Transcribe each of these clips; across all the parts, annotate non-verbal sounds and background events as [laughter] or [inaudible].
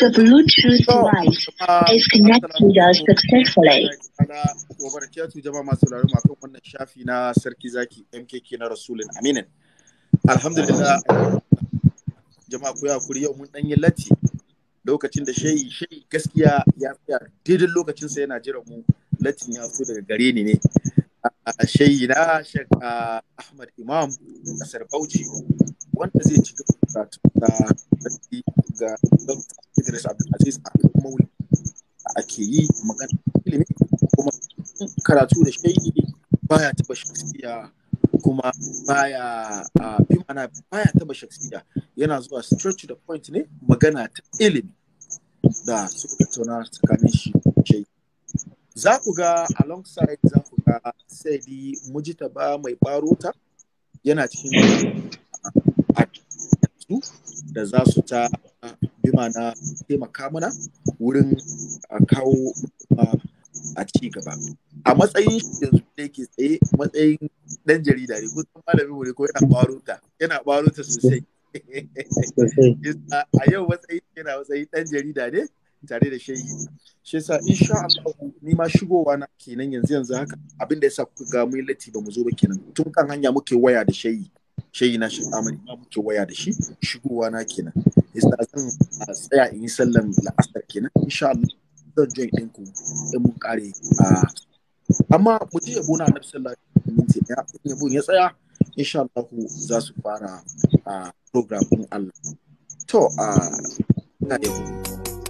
The Bluetooth device is connected successfully. jama'a masu sauraro makan wannan shafi na sarki zaki MKK na Rasulun Aminin. Alhamdulillah jama'a ku hakuri yau mun dan yi latti lokacin da shayi shayi gaskiya ya tsaya daidai lokacin sa yana jira mu latin ya fito daga gare ni ne. Shayi na Sheikh Ahmad Imam kasar Bauchi wanda zai ci gaba da ga Dr. Idris Abdulaziz a ake yi magana ilimi kuma karatu da shaidi baya taba shaksiya kuma baya fi mana baya taba shaksiya yana zuwa straight to the point ne magana ta ilimi da suka tattauna tsakanin shi za ku ga alongside za ku ga sai mujitaba mai barota yana cikin a su da za su ta bima na taimaka mana wurin kawo a ci gaba a matsayin yanzu da yake tsaye matsayin dan jarida ne kusan malamin mu ne ko yana baruta yana baruta sosai [laughs] a yau matsayin yana matsayin dan jarida ne tare da shehi shi yasa insha Allah ni ma shigowa na kenan yanzu yanzu haka abin da yasa kuka ga mun latti ba mu zo ba kenan tun kan hanya muke waya da shehi shayi na shi muke waya da shi shigowa na kenan yasa zan tsaya in yi sallan la'asar kenan insha Allah zan join ɗin ku in mun kare amma mu je yabo na annabi sallallahu alaihi minti in yabo ya tsaya insha Allah za su fara program in Allah to ina yabo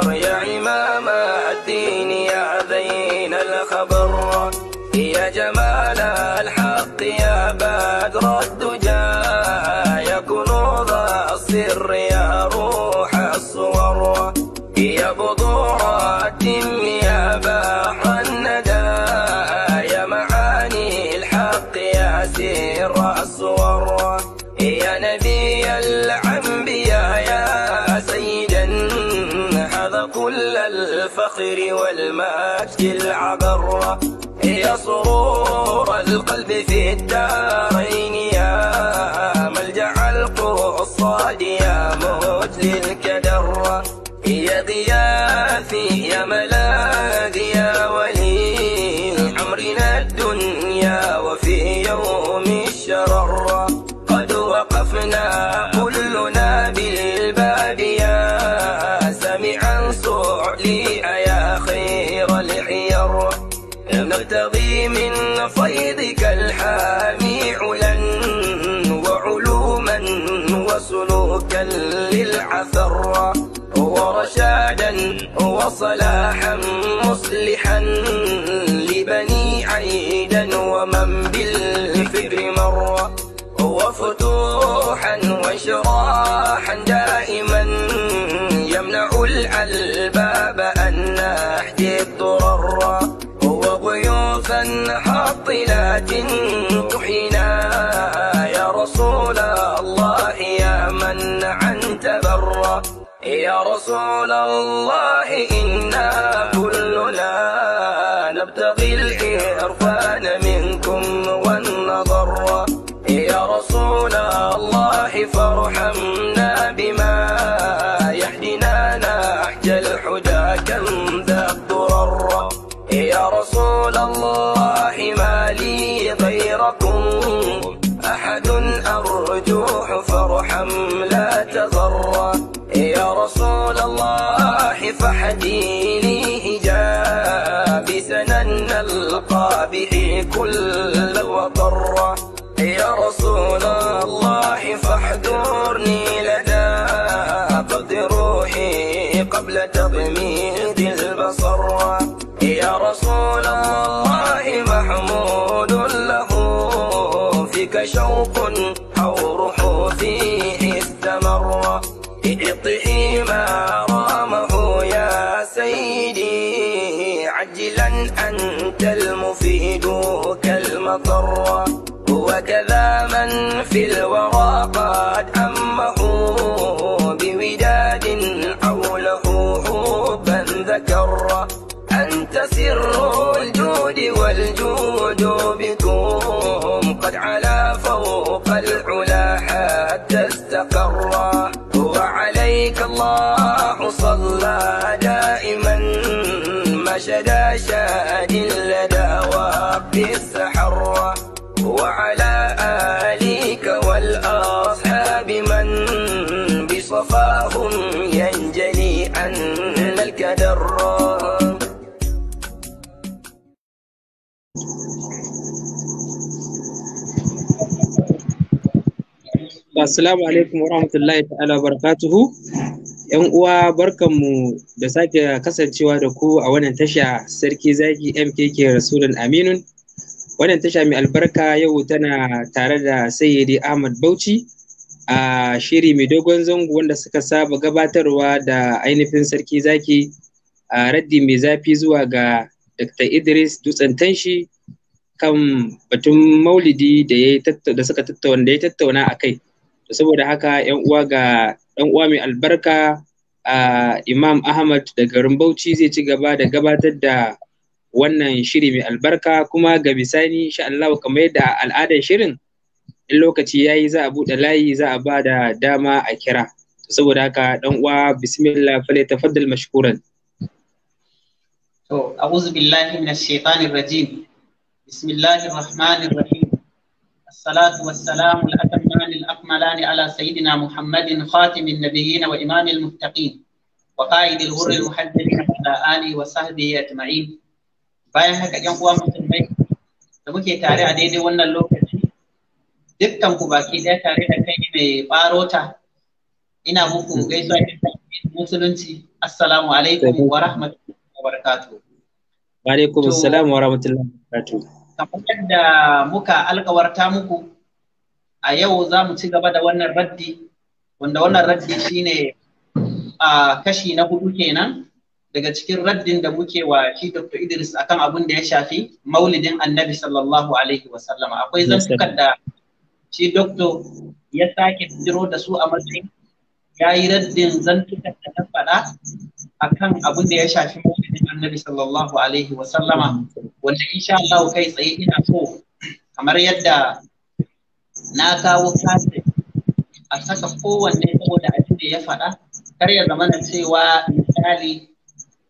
في الدارين يا ملجأ القصاد يا موت للكدر يا غياثي يا ملجأ وصلاحا مصلحا لبني عيدا ومن بالفكر مر وفتوحا وشراحا دائما يا رسول الله إنا في الورى قد أمه بوداد حوله حبا ذكر أنت سر الجود والجود بكم قد على فوق العلا حتى استقر وعليك الله صلى دائما ما شدا شاد لدى وقت السحر وعلى Assalamu alaikum wa rahmatullahi ta'ala wa barakatuhu. ‘Yan uwa barkanmu da sake kasancewa da ku a wannan tasha sarki zaki MKK Rasulun Aminun. Wannan tasha mai albarka yau tana tare da Sayyidi Ahmad Bauchi. a shiri mai dogon zango wanda suka saba gabatarwa da ainihin sarki zaki a raddi mai zafi zuwa ga dr idris dutsen tanshi kan batun maulidi da suka tattauna da ya tattauna a kai saboda haka yan uwa ga ɗan uwa mai albarka a imam ahmad da garin bauchi zai ci gaba da gabatar da wannan shiri mai albarka kuma ga bisani sha Allah kamar yadda al'adar shirin in lokaci yi za a buɗe layi za a ba da dama a kira saboda haka dan uwa bismillah fale tafaddal mashkuran to a'udhu billahi minash shaitanir rajim bismillahir rahmanir rahim الصلاة والسلام الأتمان الأكملان على سيدنا محمد خاتم النبيين وإمام المتقين وقائد الغر المحددين على آله وصحبه أجمعين bayan haka 'yan uwa musulmai da muke tare a daidai wannan lokacin dukkan ku baki ɗaya tare da kai mai barota ina muku gaisuwa musulunci assalamu alaikum wa rahmatullahi wa barakatuh wa alaikum assalam wa rahmatullahi wa barakatuh kamar yadda muka alkawarta muku a yau za mu ci gaba da wannan raddi wanda wannan raddi shine a kashi na hudu kenan daga cikin raddin da muke wa shi Dr. Idris akan abin da ya shafi maulidin annabi sallallahu alaihi wa sallama akwai zantukan da shi doctor ya sake fitiro da su a matsayin ya yi raddin zantukan da ta faɗa a kan abin da ya shafi mawuyin annabi sallallahu alaihi wa sallama wanda insha Allah kai tsaye ina so kamar yadda na kawo kasa a saka kowanne ko da abin da ya faɗa kar ya zamana cewa misali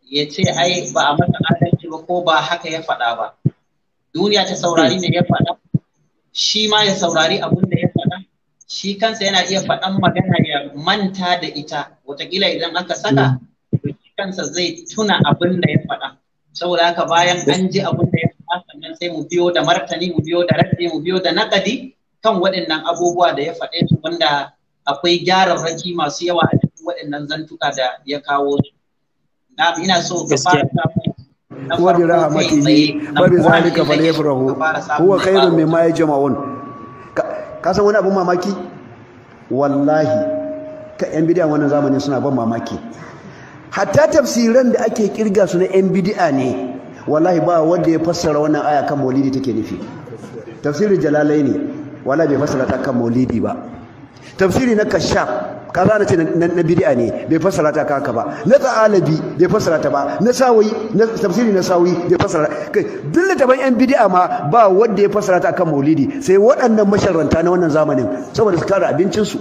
ya ce ai ba a masa adalci ba ko ba haka ya faɗa ba duniya ta saurari ne ya faɗa shi ma ya saurari abin da ya faɗa shi kansa yana iya faɗan magana ya manta da ita watakila idan aka saka shi kansa zai tuna abin da ya faɗa saboda haka bayan an ji abin da ya faɗa sannan sai mu biyo da martani mu biyo da raddi mu biyo da nakadi kan waɗannan abubuwa da ya faɗe su wanda akwai gyararraki masu yawa a cikin waɗannan zantuka da ya kawo su ina so ka fara wa bi rahmatihi wa bi zalika falyafrahu huwa khairun mimma yajma'un ka san wani abun mamaki wallahi ka yan bidiyan wannan zamani suna ban mamaki hatta tafsiran da ake kirga su na yan bidiya ne wallahi ba wanda ya fassara wannan aya kan maulidi take nufi tafsirin jalalaini wallahi bai fassara ta kan maulidi ba tafsiri na kashaf kaza na ce na bid'a ne bai fassara ta kaka ba na tsalabi bai fassara ta ba na sawayi na tafsiri na sawayi bai fassara kai duk littafin yan bid'a ma ba wanda ya fassara ta kan maulidi sai waɗannan masharanta na wannan zamanin saboda su kare abincin su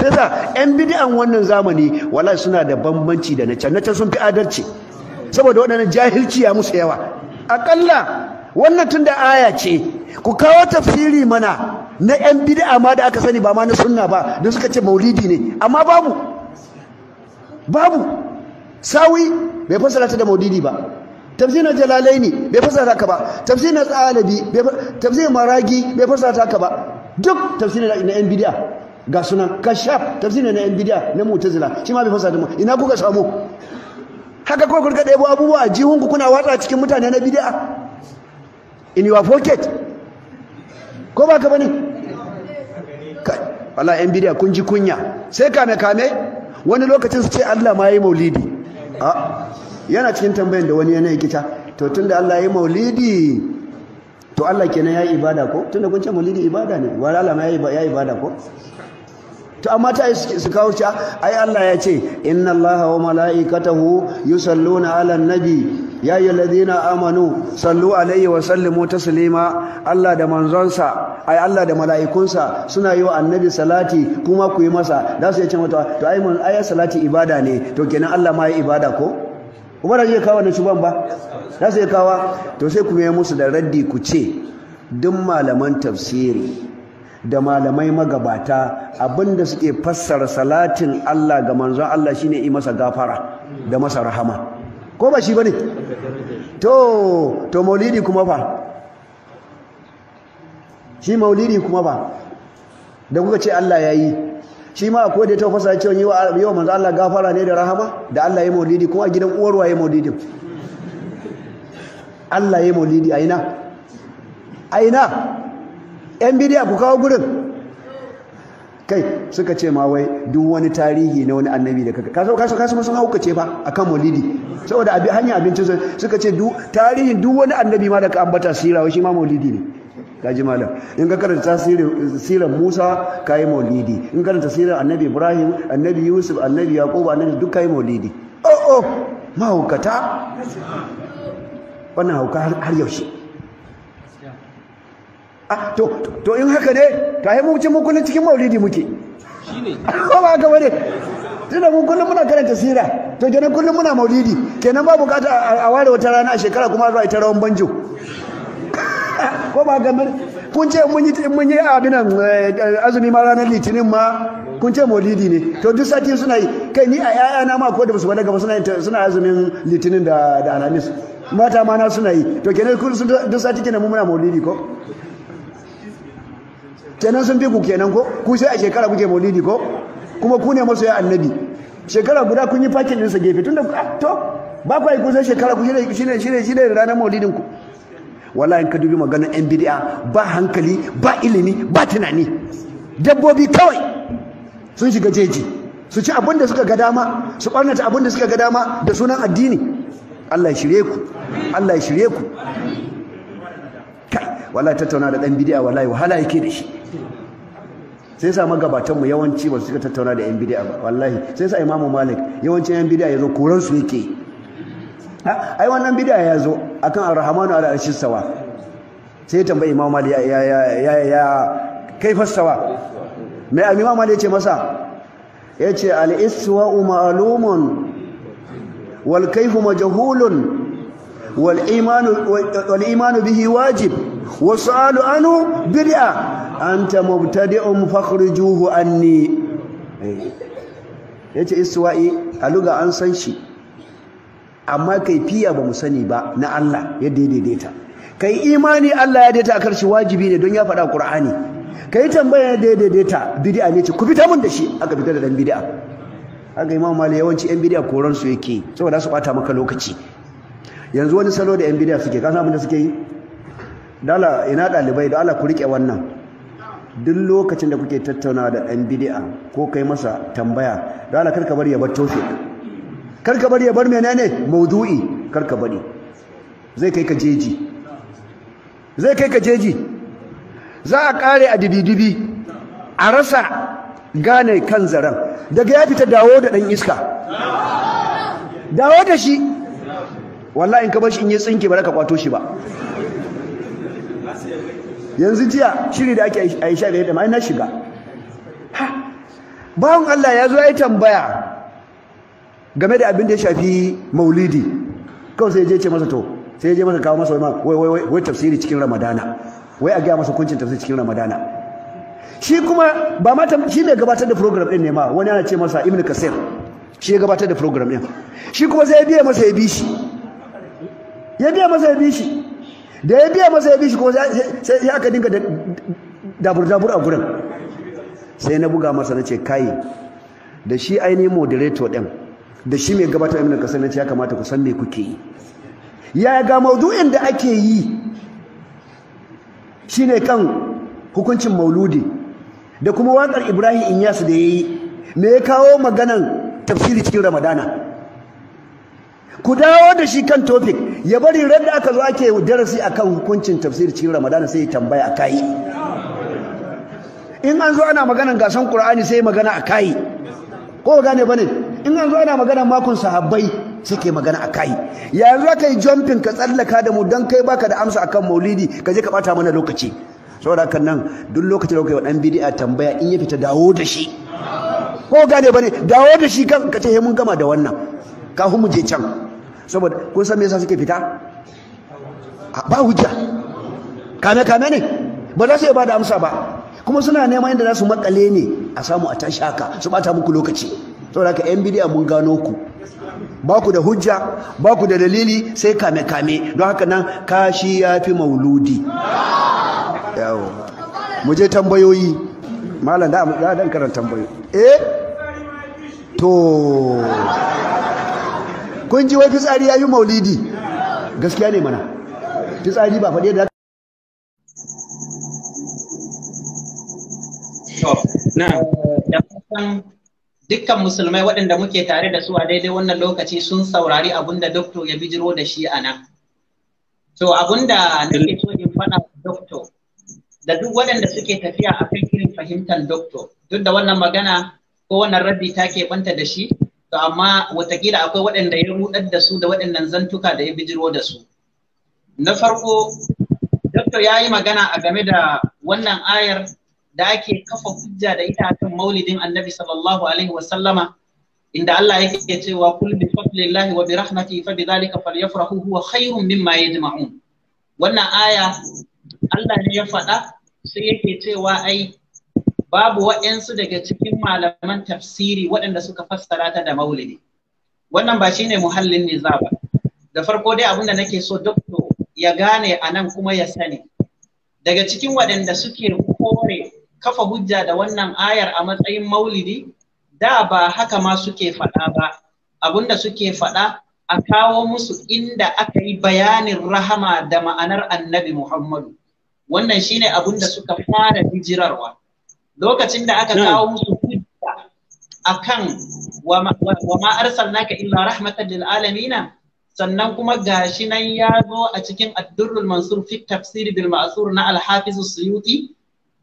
sai sa yan bid'an wannan zamani wallahi suna da bambanci da na can na can sun fi adalci saboda waɗannan jahilci ya musu yawa akalla wannan tunda aya ce ku kawo tafsiri mana na yan bid'a ma da aka sani ba ma na sunna ba da suka ce maulidi ne amma babu babu sawi bai fassara da maulidi ba tafsirin jalalaini bai fassara ka ba tafsirin tsalabi tafsirin maragi bai fassara ka ba duk tafsirin na yan bid'a ga sunan kashaf tafsirin na yan bid'a na mu'tazila shi ma bai fassara mu ina kuka samu haka kawai kurka ɗebo abubuwa jihunku kuna watsa cikin mutane na bid'a in your pocket ko ba ka bane Wala yan bidiya kun ji kunya sai kame kame wani lokacin su ce Allah ma yi maulidi yana cikin tambayin da wani yana yi kita to tunda Allah yi maulidi to Allah kenan ya yi ibada ko tunda kun ce maulidi ibada ne wala Allah ma ya yi ibada ko to amma ta yi su kawo ta ai Allah ya ce inna Allah wa mala'ikatahu yusalluna 'alan nabi ya yi ladina amanu sallu alaihi wa sallimu taslima Allah da manzonsa ai Allah da mala'ikunsa suna yi wa annabi salati kuma ku yi masa da su ya ce mata to ai mun ai salati ibada ne to kenan Allah ma yi ibada ko kuma da zai kawo na shuban ba da su ya kawo to sai ku yi musu da raddi ku ce duk malaman tafsiri da malamai magabata abinda suke fassara salatin Allah ga manzon Allah shine yi masa gafara da masa rahama ko ba shi ba ne to to maulidi kuma fa shi maulidi kuma fa da kuka ce Allah ya yi shi ma akwai da ta fasa cewa yi wa manzo Allah gafara ne da rahama da Allah ya yi maulidi kuma a gidan uwar waye maulidi Allah ya yi maulidi aina aina yan bidiya ku kawo gurin kai suka ce ma wai duk wani tarihi na wani annabi da kaka kaso kaso kaso sun hauka ce fa akan maulidi saboda abin hanya abincin sun suka ce duk tarihin duk wani annabi ma da ka ambata sira shi ma maulidi ne kaji malam in ka karanta tasirin sirar Musa kai maulidi in karanta sirar annabi Ibrahim annabi Yusuf annabi Yaqub annabi duk kai maulidi oh oh hukata. wannan hauka har yaushe ah to to in haka ne to ai mu ce mu kullun cikin maulidi muke shine [laughs] ko ba ne? bane tunda mu kullun muna karanta sira to kenan kullun muna maulidi kenan ba bukata a ware wata rana a shekara kuma zuwa ita rawan banjo [laughs] ko ba ga mun kun ce mun yi mun yi abinan eh, azumi ma ranar litinin ma kun ce maulidi ne to duk sati suna yi kai ni a na ma ko da musu daga suna suna azumin litinin da da alhamis mata ma na suna yi to kenan kun duk sati kenan mu muna maulidi ko kenan sun fi ku kenan ko ku sai a shekara kuke maulidi ko kuma ku ne masoya annabi shekara guda kun yi fakin ɗinsa gefe tun da ah, to ba ku yi sai shekara ku shine shine shine ranar maulidin ku wallahi in ka dubi maganar yan bid'a ba hankali ba ilimi ba tunani dabbobi kawai sun shiga jeji su ci abin da suka ga dama su ɓarnata abin da suka ga dama da sunan addini Allah ya shirye ku Allah ya shirye ku wallahi tattauna da dan bid'a wallahi wahala yake da shi sai sa magabatan mu yawanci ba su cika tattauna da yan bid'a ba wallahi sai sa imamu malik yawanci yan bid'a yazo koran su yake ai wannan bid'a ya zo akan ar-rahmanu ala arshi sawa sai ya tambayi imamu malik ya ya ya ya kaifa sawa mai imamu malik ya ce masa ya ce al-iswa ma'lumun wal kayfu majhulun wal wal imanu bihi wajib وسؤال عنه بدعة أنت مبتدئ فاخرجوه عني yace iswa'i a luga an san shi amma kai fiya ba mu sani ba na Allah ya daidaita kai imani Allah ya daidaita a shi wajibi ne don ya faɗa Qur'ani kai tambaya ya daidaita bid'a ne ce ku fita mun da shi aka fita da dan bid'a aka imam mali yawanci yan bid'a koran su yake saboda su bata maka lokaci yanzu wani salo da yan bid'a suke ka san abin da suke yi dala ina ɗalibai da ala ku riƙe wannan duk lokacin da kuke tattaunawa da ɗan bidi'a ko kai masa tambaya da ala karka bari ya bar toshe karka bari ya bar menene maudu'i karka bari zai kai ka jeji zai kai ka jeji za a kare a dididibi a rasa gane kan zaren daga ya fita dawo da ɗan iska dawo da shi wallahi in ka bar shi in yi tsinke ba ka kwato shi ba yanzu jiya shiri da ake aisha da sha da ma na shiga bawan Allah ya zo ya yi tambaya game da abin da ya shafi maulidi kawai sai je ce masa to sai je masa kawo masa wai wai wai tafsiri cikin ramadana wai a gaya masa kuncin tafsiri cikin ramadana shi kuma ba mata shi mai gabatar da program din ne ma wani ana ce masa ibn kasir shi ya gabatar da program din shi kuma sai ya biya masa ya bi shi ya biya masa ya bi shi da ya biya masa ya bi shi ko sai aka dinga dabur-dabur a gurin sai na buga masa na ce kayi da shi ainihin moderator ɗin da shi mai gabatar aminar kasar na ce ya kamata ku san me kuke yi ya ga maudu'in da ake yi shine kan hukuncin mauludi da kuma waƙar ibrahim inyasu da ya yi me ya kawo maganan tafsiri cikin ramadana ku dawo da shi kan topic ya bari ran aka zo ake darasi akan hukuncin tafsir cikin ramadana sai ya tambaya a kayi in an zo ana magana gasan qur'ani sai magana a kayi ko gane bane in an zo ana magana makon sahabbai sai ke magana a kayi yanzu aka yi jumping ka tsallaka da mu dan kai baka da amsa akan maulidi ka je ka bata mana lokaci saboda hakan nan duk lokacin da kai wa bid'a tambaya in ya fita dawo da shi ko gane bane dawo da shi kan ka ce mun gama da wannan kafin mu je can saboda kun san me yasa suke fita ba hujja kame kame ne ba za su ba da amsa ba kuma suna neman inda za su makale ne a samu a tashi haka su bata muku lokaci saboda haka yan bidiya mun gano ku ba ku da hujja ba ku da dalili sai kame kame don haka nan kashi ya fi mauludi yawo mu je tambayoyi malam da dan karanta tambayoyi eh to kun ji wai fitsari ya yi maulidi gaskiya ne mana fitsari ba faɗi da na dukkan musulmai waɗanda muke tare da su a daidai wannan lokaci sun saurari abinda da ya bijiro da shi a nan to abinda da nake so in faɗa dokto da duk waɗanda suke tafiya a kan irin fahimtar dokto duk da wannan magana ko wannan rabbi ta ke banta da shi to amma watakila akwai waɗanda ya rudar da su da waɗannan zantuka da ya bijiro da su na farko Doktor ya yi magana a game da wannan ayar da ake kafa hujja da ita kan maulidin annabi sallallahu alaihi Sallama. inda Allah yake cewa kul bi fadlillahi wa bi rahmatihi fa bi falyafrahu huwa khairun mimma yajma'un wannan aya Allah ne ya faɗa sai yake cewa ai babu waɗansu daga cikin malaman tafsiri waɗanda suka fassara ta da maulidi wannan ba shine muhallin niza ba da farko dai abinda nake so dokto ya gane a nan kuma ya sani daga cikin waɗanda suke kore kafa hujja da wannan ayar a matsayin maulidi da ba haka ma suke faɗa ba abinda suke faɗa a kawo musu inda aka yi bayanin rahama da ma'anar annabi Muhammadu. Wannan shine abinda da suka fara hijirarwa. lokacin da aka kawo musu a akan wa ma arsalnaka illa rahmatan lil alamin sannan kuma gashi nan ya zo a cikin addurrul mansur fi tafsir bil ma'sur na al-hafiz suyuti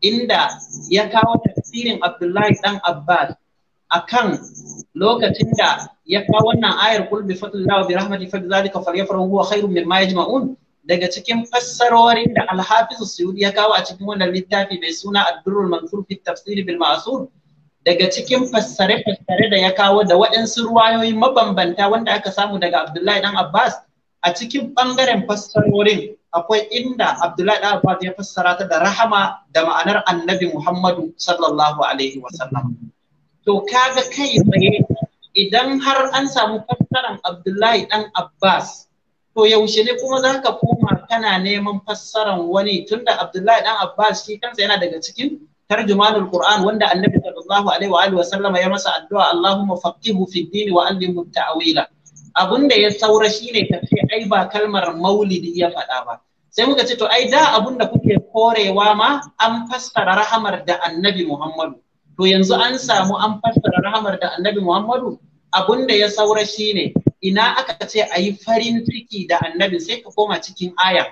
inda ya kawo tafsirin abdullahi dan abbas akan lokacin da ya kawo wannan ayar kul bi fadlillahi wa bi rahmatihi fa zalika falyafrahu huwa khairun mimma yajma'un daga cikin fassarorin da alhafizu suyudi ya kawo a cikin wannan littafi mai suna addurul mansur fi tafsir bil ma'sur daga cikin fassare fassare da ya kawo da waɗansu ruwayoyi mabambanta wanda aka samu daga abdullahi dan abbas a cikin ɓangaren fassarorin akwai inda abdullahi dan abbas ya fassara ta da rahama da ma'anar annabi muhammadu sallallahu alaihi wasallam to kaga kai tsaye idan har an samu fassaran abdullahi dan abbas to yaushe ne kuma za ka koma kana neman fassaran wani tunda Abdullahi dan Abbas shi kansa yana daga cikin tarjumanul Qur'an wanda Annabi sallallahu alaihi wa alihi wa sallama ya masa addu'a Allahumma faqihu fi din wa allimhu ta'wila abun da ya saura shine ka ai ba kalmar maulidi ya faɗa ba sai muka ce to ai da abun da kuke korewa ma an fassara rahamar da Annabi Muhammadu to yanzu an samu an fassara rahamar da Annabi Muhammadu abun da ya saura shine ina aka ce a yi farin ciki da annabi sai ka koma cikin aya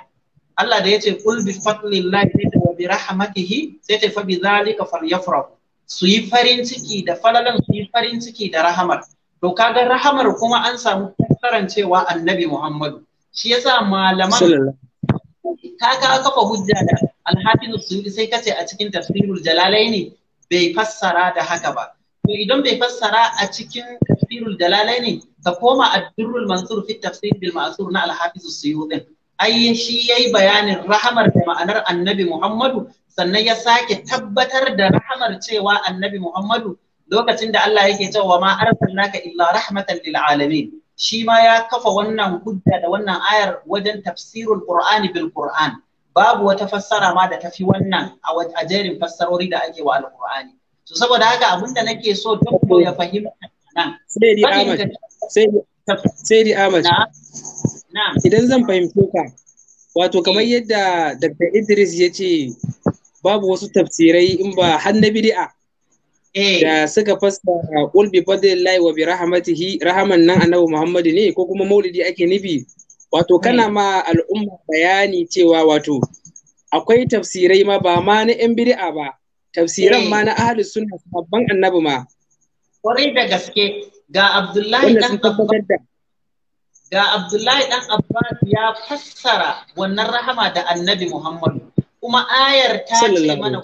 Allah da ya ce kul bi fadlillahi sai ta wa bi rahmatihi sai ta fa bi zalika falyafrahu su yi farin ciki da falalan su yi farin ciki da rahamar to kaga rahamar kuma an samu fassaran cewa annabi Muhammadu shi yasa malaman ka ka kafa hujja da alhafiz suyuti sai kace a cikin tafsirul jalalaini bai fassara da haka ba to idan bai fassara a cikin tafsirul dalalai ne ka koma ad mansur fi tafsir bil ma'sur na al-hafiz suyuti ai shi yayi bayanin rahamar da ma'anar annabi Muhammadu sannan ya sake tabbatar da rahamar cewa annabi Muhammadu lokacin da Allah yake cewa ma arsalnaka illa rahmatan lil alamin shi ma ya kafa wannan hujja da wannan ayar wajen tafsirul qur'ani bil qur'an babu wata fassara ma da tafi wannan a jerin fassarori da ake wa al-qur'ani so saboda haka abin da nake so dokto ya fahimta nan sai di Ahmad idan zan fahimce ka wato kamar yadda Dr. Idris ya ce babu wasu tafsirai in ba har na bid'a eh. da suka fasa qul bi fadlillahi wa bi rahmatihi rahaman nan annabi Muhammadu ne ko kuma maulidi ake nufi wato kana eh. ma al'umma bayani cewa wato akwai tafsirai ma ba ma na yan bid'a ba tafsiran eh. ma na ahlus sunna babban annabi ma kwarai da gaske ga Abdullahi dan Abbas ga Abdullahi dan Abbas ya fassara wannan rahama da Annabi Muhammad kuma ayar ta ce mana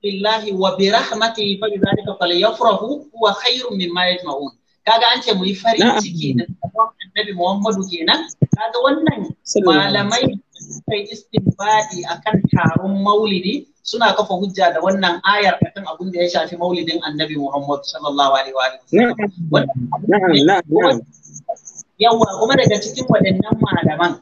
billahi wa bi rahmatihi fa bidhalika falyafrahu huwa khairum mimma yajma'un kaga an ce mu yi farin ciki da Annabi Muhammad kenan kaga wannan malamai suka yi istinbadi akan taron maulidi suna kafa hujja da wannan ayar kan abin da ya shafi maulidin annabi Muhammad sallallahu alaihi wa alihi kuma daga cikin waɗannan malaman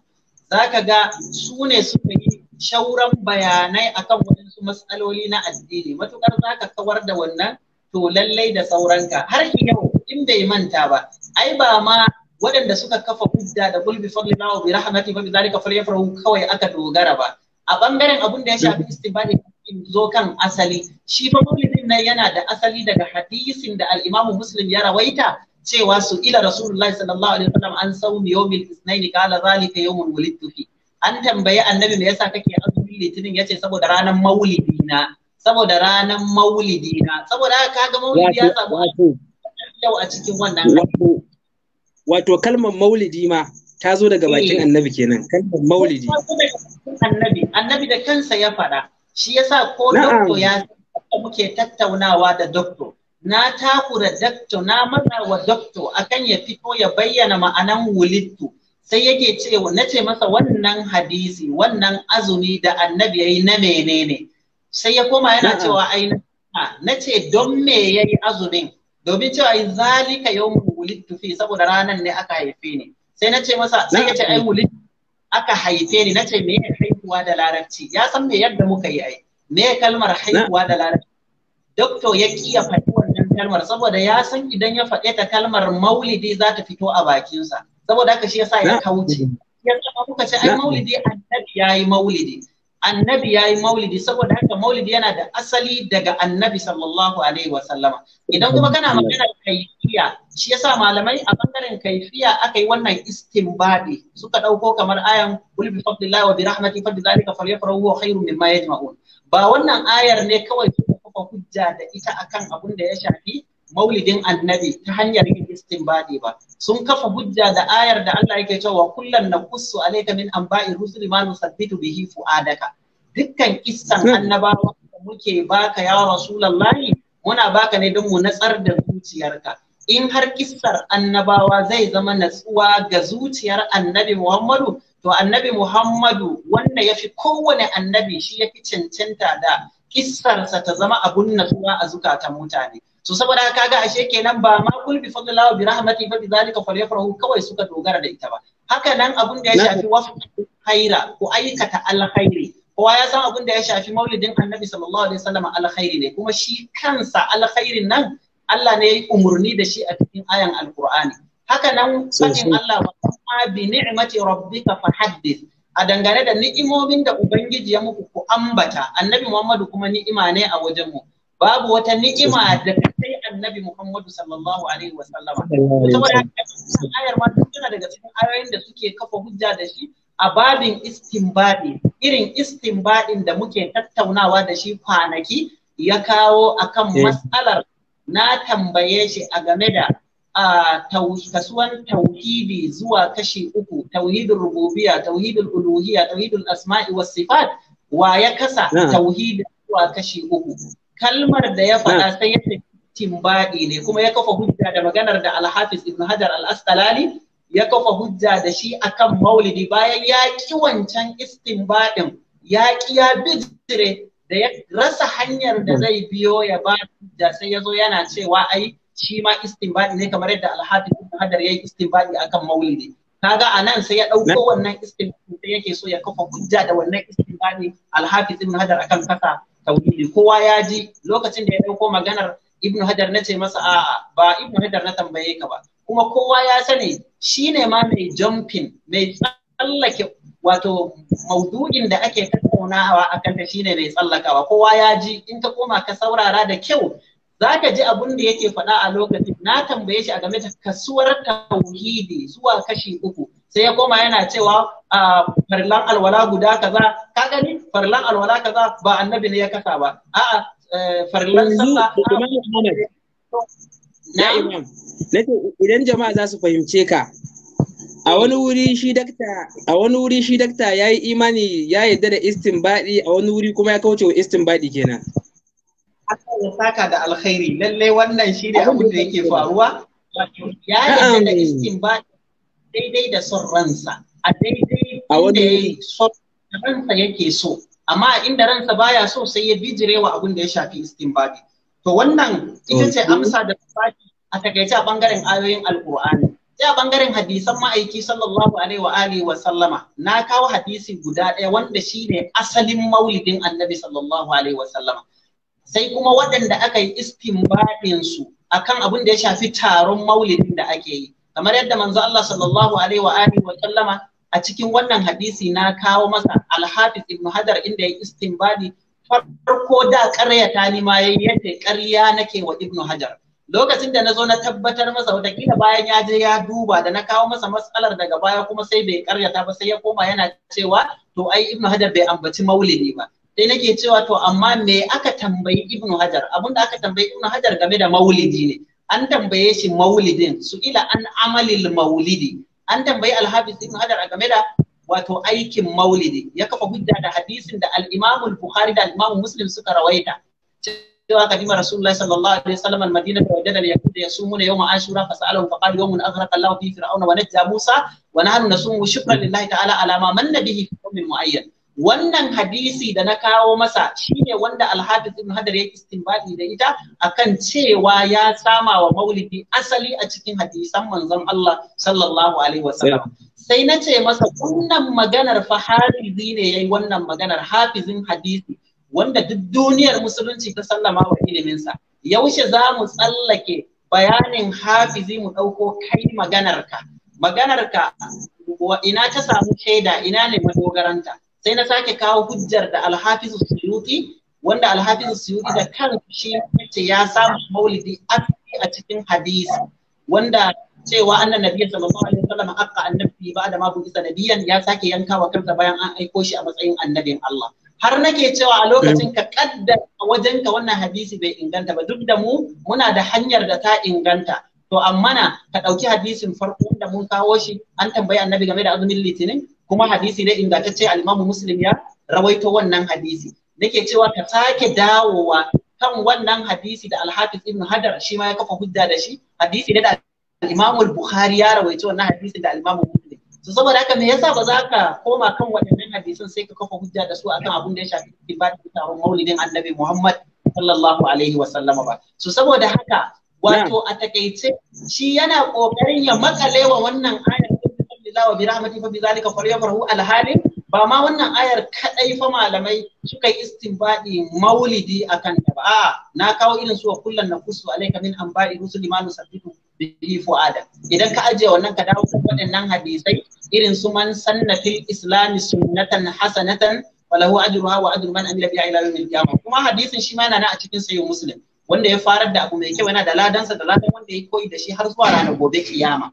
za ka ga su ne suka yi shauran bayanai akan waɗansu matsaloli na addini matuƙar za ka kawar da wannan to lallai da sauranka har yau in bai manta ba ai ba ma waɗanda suka kafa hujja da kulbi fadlillah wa bi rahmati fa bizalika zalika falyafrahu kawai aka dogara ba a bangaren abun da ya shafi istibadi zo kan asali shi fa maulidin nan yana da asali daga hadisin da al-Imam Muslim ya rawaita cewa su ila Rasulullahi sallallahu alaihi wasallam an saumi yawmil isnain qala zalika yawmun wulidtu fi an tambayi annabi me yasa kake azumin litinin yace saboda ranar maulidi na saboda ranar maulidi na saboda haka kaga maulidi ya samu yau a cikin wannan wato kalmar maulidi ma ta zo daga bakin eh. annabi kenan kalmar maulidi annabi annabi da kansa ya faɗa shi yasa ko dokto ya muke tattaunawa da dokto na takura dokto na matsa wa dokto akan ya fito ya bayyana ma'anan wulittu sai yake ce na ce masa wannan hadisi wannan azumi da annabi yayi na menene sai ya koma yana cewa ai na ce don me yayi azumin domin cewa in zalika yawmu wulidtu fi saboda ranar ne aka haife ni sai na ce masa sai ya ce ai aka haife ni na ce me ya haihuwa da larabci ya san me yadda muka yi ai me kalmar haihuwa da larabci doktor ya kiya faɗi wannan kalmar saboda ya san idan ya faɗe ta kalmar maulidi za ta fito a bakinsa saboda haka shi yasa ya kauce yadda muka ce ai maulidi annabi yi maulidi annabi ya yi maulidi saboda haka maulidi yana da asali daga annabi sallallahu alaihi wa sallama idan kuma kana magana kaifiya shi yasa malamai a bangaren kaifiya aka yi wannan istinbadi suka dauko kamar ayan qul bi fadlillahi wa bi rahmatihi fa dhalika falyafrahu huwa mimma yajma'un ba wannan ayar ne kawai suka kafa hujja da ita akan abun da ya shafi maulidin annabi ta hanyar yin istinbadi ba sun kafa hujja da ayar da Allah yake cewa kullan naqussu alayka min anba'i rusuli ma nusabbitu bihi fu'adaka dukkan kissan hmm. annabawa da muke baka ya rasulullahi muna baka ne don mu natsar da zuciyarka in har kissar annabawa zai zama natsuwa ga zuciyar annabi Muhammadu to annabi Muhammadu wanda yafi kowane annabi shi yafi cancanta da kissarsa ta zama abun natsuwa a zukatan mutane so saboda kaga ashe kenan ba ma kul bi fadlillahi bi rahmati fa bidhalika falyafrahu kawai suka dogara da ita ba haka nan abun da ya shafi wasu khaira ko aikata alkhairi kowa ya san abun da ya shafi maulidin annabi sallallahu alaihi wasallam alkhairi ne kuma shi kansa alkhairin nan Allah ne ya yi umurni da shi a cikin ayan alqur'ani haka nan sanin Allah ba kuma bi ni'mati rabbika fa haddith a dangane da ni'imomin da ubangiji ya muku ku ambata annabi Muhammadu kuma ni'ima ne a wajen mu babu wata ni'ima da ta kai annabi Muhammadu sallallahu alaihi wa sallama saboda ayar ma tana daga cikin ayoyin da suke kafa hujja da shi a babin istinbadi irin istinbadin da muke tattaunawa da shi kwanaki ya kawo akan eh. matsalar na tambaye shi a game da kasuwan tauhidi zuwa kashi uku Tauhidin rububiyya tauhidul Uluhiya, tauhidul asma'i was sifat wa ya kasa tauhidi zuwa kashi uku kalmar da ya faɗa sai ya timbaɗi ne kuma ya kafa hujja da maganar da alhafiz ibn hajar al-asqalani ya kafa hujja da shi akan maulidi bayan ya ki wancan istinbaɗin, ya ki ya bijire da ya rasa hanyar da zai biyo ya ba da sai ya zo yana cewa ai shi ma istinbaɗi ne kamar yadda alhafiz ibn hajar ya yi istinbaɗi akan maulidi kaga a nan sai ya ɗauko wannan istinbadi sai yake so ya kafa hujja da wannan istinbaɗin alhafiz ibn hajar akan kasa tauhidi kowa ya ji lokacin da ya dauko maganar Ibn hajar na ce masa a'a ba ibnu hajar na tambaye ka ba kuma kowa ya sani shine ma mai jumping mai tsallake wato maudu'in da ake tattaunawa akan ta shine mai tsallakawa kowa ya ji in ta koma ka saurara da kyau zaka ji abun da yake faɗa a lokacin na tambaye shi a game da kasuwar tauhidi zuwa kashi uku sai ya koma yana cewa a farlan alwala guda kaza ka gani farlan alwala kaza ba annabi ne ya kasa ba a'a eh, farlan sallah na'am nace idan jama'a za su fahimce ka a wani wuri shi dakta a wani wuri shi dakta yayi imani ya yarda da istinbadi a wani wuri kuma ya kauce wa istinbadi kenan Allah ya saka da alkhairi lallai wannan shi ne abin da yake faruwa ya yarda da istinbadi daidai da son ransa a daidai inda son ransa yake so amma inda ransa baya so sai ya bijirewa abin da ya shafi istinbadi to wannan ita ce amsa da fasaki a takaice a bangaren ayoyin alkur'ani sai a bangaren hadisan ma'aiki sallallahu alaihi wa alihi wa sallama na kawo hadisi guda ɗaya wanda shine asalin maulidin annabi sallallahu alaihi wa sallama sai kuma waɗanda aka yi istinbadin su akan abin da ya shafi taron maulidin da ake yi kamar yadda manzo Allah sallallahu alaihi wa alihi wa sallama a cikin wannan hadisi na kawo masa al-Hafiz Ibn Hajar inda ya istinbadi farko da karyata ni ma yayi yadda ƙarya nake wa Ibn Hajar lokacin da nazo na tabbatar masa watakila bayan ya je ya duba da na kawo masa matsalar daga baya kuma sai bai karyata ba sai ya koma yana cewa to ai Ibn Hajar bai ambaci maulidi ba sai nake cewa to amma me aka tambayi Ibn Hajar abinda aka tambayi Ibn Hajar game da maulidi ne an tambaye shi maulidin su ila an amalil maulidi an tambayi alhafiz ibn hajar a game da wato aikin maulidi ya kafa hujja da hadisin da al-imam al-bukhari da al-imam muslim suka rawaita cewa kadima rasulullahi sallallahu alaihi wasallam al-madina da wajada al-yahud yasumuna yawma ashura fa sa'alahu fa qala yawmun aghraqa Allah fi fir'auna wa najja Musa wa nahnu nasumu shukran lillahi ta'ala ala ma manna bihi fi yawmin mu'ayyan wannan hadisi da na kawo masa shine wanda alhafiz ibn hadar ya istinbadi da ita akan cewa ya sama wa maulidi asali a cikin hadisan manzon Allah sallallahu alaihi wasallam sai na ce masa wannan maganar fa hafizi ne yayi wannan maganar hafizin hadisi wanda duk duniyar musulunci ta sallama wa iliminsa yaushe za mu tsallake bayanin hafizi mu ɗauko kai maganarka maganarka ina ta samu shaida ina ne madogaranta sai na sake kawo hujjar da alhafizu suyuti wanda alhafizu suyuti da kan shi ce ya samu maulidi a cikin hadisi wanda cewa annan nabiya sallallahu alaihi wasallam akka annabi ba da ma isa ya sake yanka wa kansa bayan an aiko shi a matsayin annabin Allah har nake cewa a lokacin ka kaddar wajen ka wannan hadisi bai inganta ba duk da mu muna da hanyar da ta inganta to amma na ka ɗauki hadisin farko da mun kawo shi an tambayi annabi game da azumin litinin kuma hadisi ne ingantacce al-Imam Muslim ya rawaito wannan hadisi nake cewa ka sake dawowa kan wannan hadisi da Al-Hafiz Ibn Hajar shi ma ya kafa hujja da shi hadisi ne da al Bukhari ya rawaito wannan hadisi da Al-Imam Muslim so saboda haka me yasa ba za ka koma kan waɗannan hadisan sai ka kafa hujja da su akan abin da ya shafi ibadatu taron maulidin Annabi Muhammad sallallahu alaihi wa sallama ba so saboda haka wato a takaice shi yana kokarin ya makale wa wannan aya illa wa bi rahmati fa bi falyafrahu alhalin ba ma wannan ayar kadai fa malamai suka yi istinbadi maulidi akan ta ba a'a na kawo irin su wa kullan naqussu alayka min anba'i rusuli ma nusabbitu bihi fu'ada idan ka ajiye wannan ka dawo waɗannan hadisai irin su man sanna fil islam sunnatan hasanatan falahu ajruha wa ajru man amila biha ila yawmil qiyamah kuma hadisin shi ma yana nan a cikin sahih muslim wanda ya farar da abu mai kyau yana da ladansa da ladan wanda ya koyi da shi har zuwa ranar gobe kiyama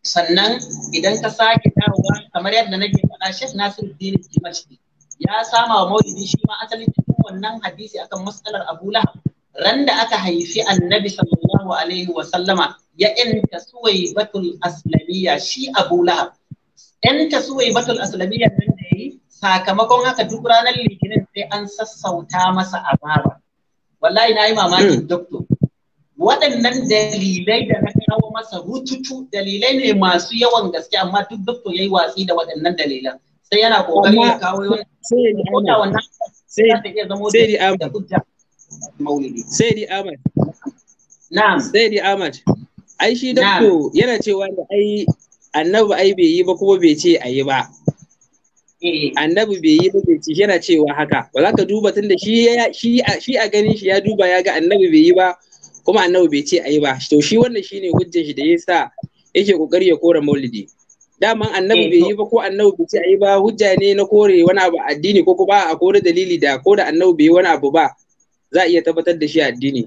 sannan idan ka sake dawowa kamar yadda nake faɗa Sheikh Nasiruddin Dimashi ya sama wa maulidi shi ma asali cikin wannan hadisi akan matsalar Abu Lahab ran da aka haifi Annabi sallallahu alaihi wa sallama ya inta Suwaibatul Aslamiyya shi Abu Lahab yanta Suwaibatul Aslamiyya nan da yayi sakamakon haka duk ranar Litinin sai an sassauta masa azaba wallahi na yi mamakin hmm. doctor waɗannan dalilai da na kawo masa rututu dalilai ne masu yawan gaske amma duk ya yayi watsi da waɗannan dalilan sai yana kokarin ya kawo wannan sai da zama sai di Ahmad sai di Ahmad na'am sai di Ahmad ai shi doktor yana cewa da ai annabi ai bai yi ba kuma bai ce a yi ba eh. annabi bai yi ba bai ce yana cewa haka ba za ka duba tunda shi shi a ganin shi ya duba ya ga annabi bai yi ba kuma annabi bai ce ayi ba to shi wannan shine hujjar shi da yasa yake kokari ya kore maulidi daman annabi eh, bai yi ba ko annabi bai ce ayi ba hujja ne na kore wani abu addini ko kuma a kore dalili da ko da annabi bai yi wani abu ba za a iya tabbatar da shi addini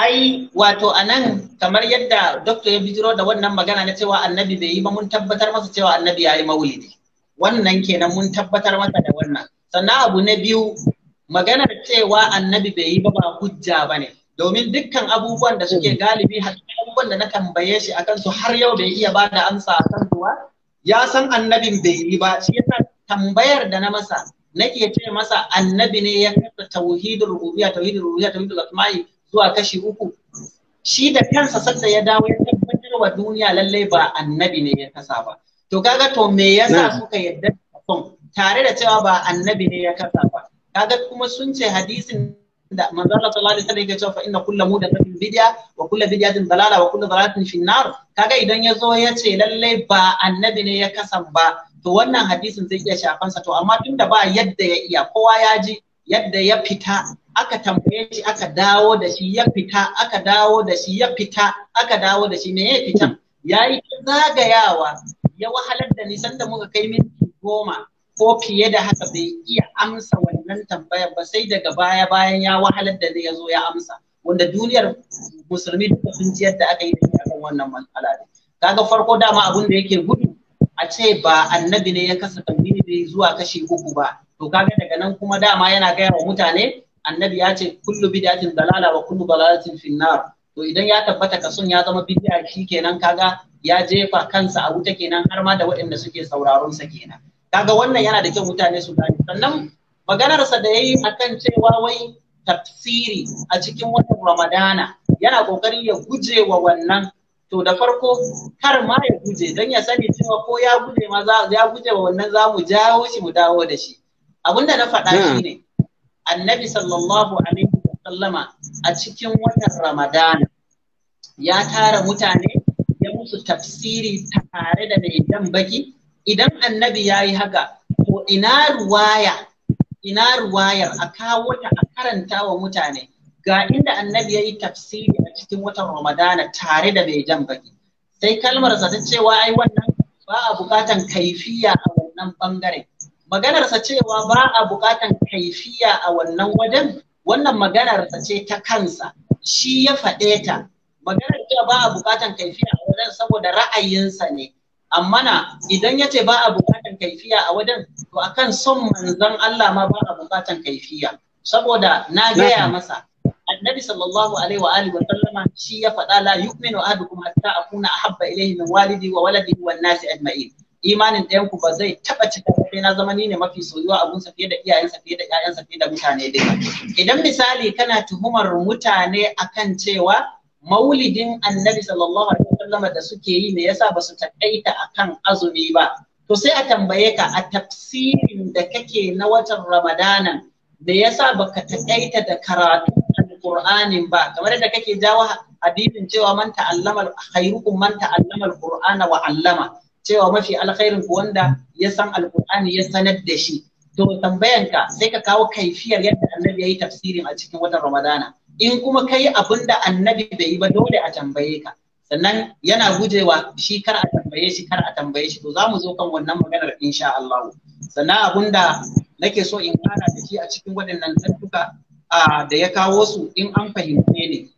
ai wato anan kamar yadda doctor ya bijiro da wannan magana na cewa annabi bai yi ba mun tabbatar masa cewa annabi ya yi maulidi wannan kenan mun tabbatar masa da wannan sannan abu na biyu maganar cewa annabi bai yi ba ba hujja ba ne domin dukkan abubuwan da suke hmm. galibi abubuwan da na tambaye shi a kansu har yau bai iya ba da amsa a kan ba ya san annabin bai yi ba shi yasa tambayar da na masa nake ce masa annabi ne ya kasa tauhidul rububiyya tauhidul rububiyya tauhidul asma'i zuwa kashi uku shi da kansa sanda ya dawo ya tabbatar wa duniya lallai ba annabi ne ya kasa ba to kaga to me yasa hmm. suka yadda tare da cewa ba annabi ne ya kasa ba kaga kuma sun ce hadisin da manzon Allah sallallahu alaihi wasallam yake cewa fa inna kullu mudathatin bid'a wa kullu bid'atin dalala wa kullu dalalatin fi nar kaga idan ya zo ya ce lalle ba annabi ne ya kasan ba to wannan hadisin zai iya shafan sa to amma tunda ba yadda ya iya kowa ya ji yadda ya fita aka tambaye shi aka dawo da shi ya fita aka dawo da shi ya fita aka dawo da shi me ya fitan yayi zagayawa ya wahalar da nisan da muka kai minti goma ko fiye da haka bai iya amsa wani wannan tambayar ba sai daga baya bayan ya wahalar da ya zo ya amsa wanda duniyar musulmi da sun ji yadda aka yi da akan wannan matsala kaga farko dama abin da yake gudu a ce ba annabi ne ya kasa tambini ne zuwa kashi uku ba to kaga daga nan kuma dama yana gaya wa mutane annabi ya ce kullu bid'atin dalala wa kullu dalalatin finnar to idan ya tabbata ka sun ya zama bid'a kenan kaga ya jefa kansa a wuta kenan har ma da waɗanda suke sauraron sa kenan kaga wannan yana da kyau mutane su gane sannan maganarsa da yayi akan cewa wai tafsiri a cikin watan Ramadana yana kokarin ya guje wa wannan to da farko kar ma ya guje don ya sani cewa ko ya guje ma ya guje wa wannan za mu jawo shi mu dawo da shi abinda na faɗa hmm. shi ne annabi sallallahu alaihi wa sallama a cikin watan ramadana ya tara mutane ya musu tafsiri tare da mai jan baki idan annabi ya yi haka ko ina ruwaya ina ruwayar a kawo ta a karanta wa mutane ga inda annabi ya yi tafsiri a cikin watan ramadana tare da mai jan baki sai kalmarsa sa ta cewa ai wannan ba a bukatan kaifiya a wannan bangare maganar cewa ba a bukatan kaifiya a wannan wajen wannan maganar ce ta kansa shi ya faɗe ta maganar cewa ba a bukatan kaifiya a wajen saboda ra'ayinsa ne amma na idan ya ce ba a bukatan kaifiya a wajen to akan son manzon Allah ma ba a bukatan kaifiya saboda na gaya masa annabi sallallahu alaihi wa alihi wa sallama shi ya faɗa la yu'minu ahadukum hatta akuna ahabba ilayhi min walidi wa waladihi wan nasi ajma'in imanin ɗayan ku ba zai taɓa cika sai na zama ni ne mafi soyuwa abun sa fiye da iyayensa fiye da ƴaƴansa fiye da mutane dai idan misali kana tuhumar mutane akan cewa maulidin annabi sallallahu alaihi wasallam da suke yi me yasa ba su takaita akan azumi ba to sai a tambaye ka a tafsirin da kake na watan ramadana me yasa baka takaita da karatu alqur'anin ba kamar da kake jawo hadisin cewa man ta'allama khairukum man ta'allama alqur'ana wa 'allama cewa mafi alkhairin ku wanda ya san alqur'ani ya sanar da shi to tambayanka sai ka kawo kaifiyar yadda annabi ya yi tafsirin a cikin watan ramadana in kuma kai abin da annabi bai yi ba dole a tambaye ka sannan yana gujewa shi kar a tambaye shi kar a tambaye shi to za mu zo kan wannan maganar insha Allah sannan abun da nake so in kana da shi a cikin waɗannan tattuka da ya kawo su in an fahimce ne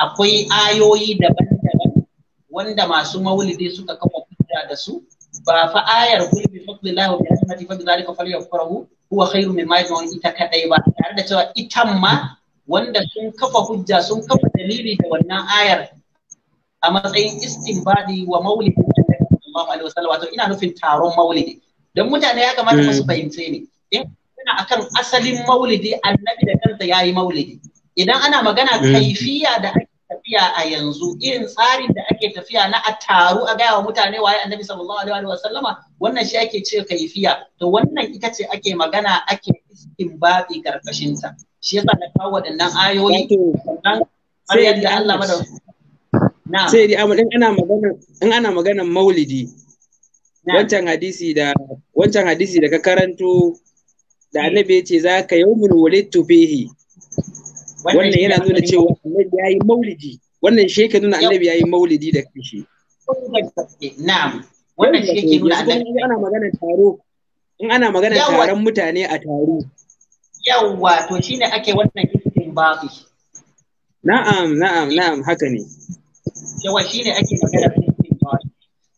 akwai ayoyi daban-daban wanda masu maulidi suka kafa hujja da su ba fa ayar kulli bi fadlillahi wa bi rahmatihi fa bi dhalika falyafrahu huwa khairu mimma yajma'un ita kadai ba tare da cewa itan ma wanda sun kafa hujja sun kafa dalili da wannan ayar a matsayin istinbadi wa maulidi alaihi wasallam wato ina nufin taron maulidi don mutane ya kamata su mm. fahimce ni in ana akan asalin maulidi annabi da kansa yayi maulidi idan ana magana mm. kaifiya da ake tafiya a yanzu irin tsarin da ake tafiya na a taru a gaya wa mutane waye annabi sallallahu alaihi wa wannan shi ake ce kaifiya to wannan ita ce ake magana ake istinbadi karkashin ta shi yasa na kawo waɗannan ayoyi har yadda Allah madau na'am sai dai amma in ana magana in ana maganar maulidi wancan hadisi da wancan hadisi da ka karanto da annabi ya ce za ka yawmul walittu fihi wannan yana nuna cewa annabi yayi maulidi wannan shi yake nuna annabi yayi maulidi da kanshi na'am wannan shi yake nuna annabi ana magana taro in ana magana taron mutane a taro yawwa to shine ake wannan babu na'am na'am na'am haka ne yawa shine ake magana babu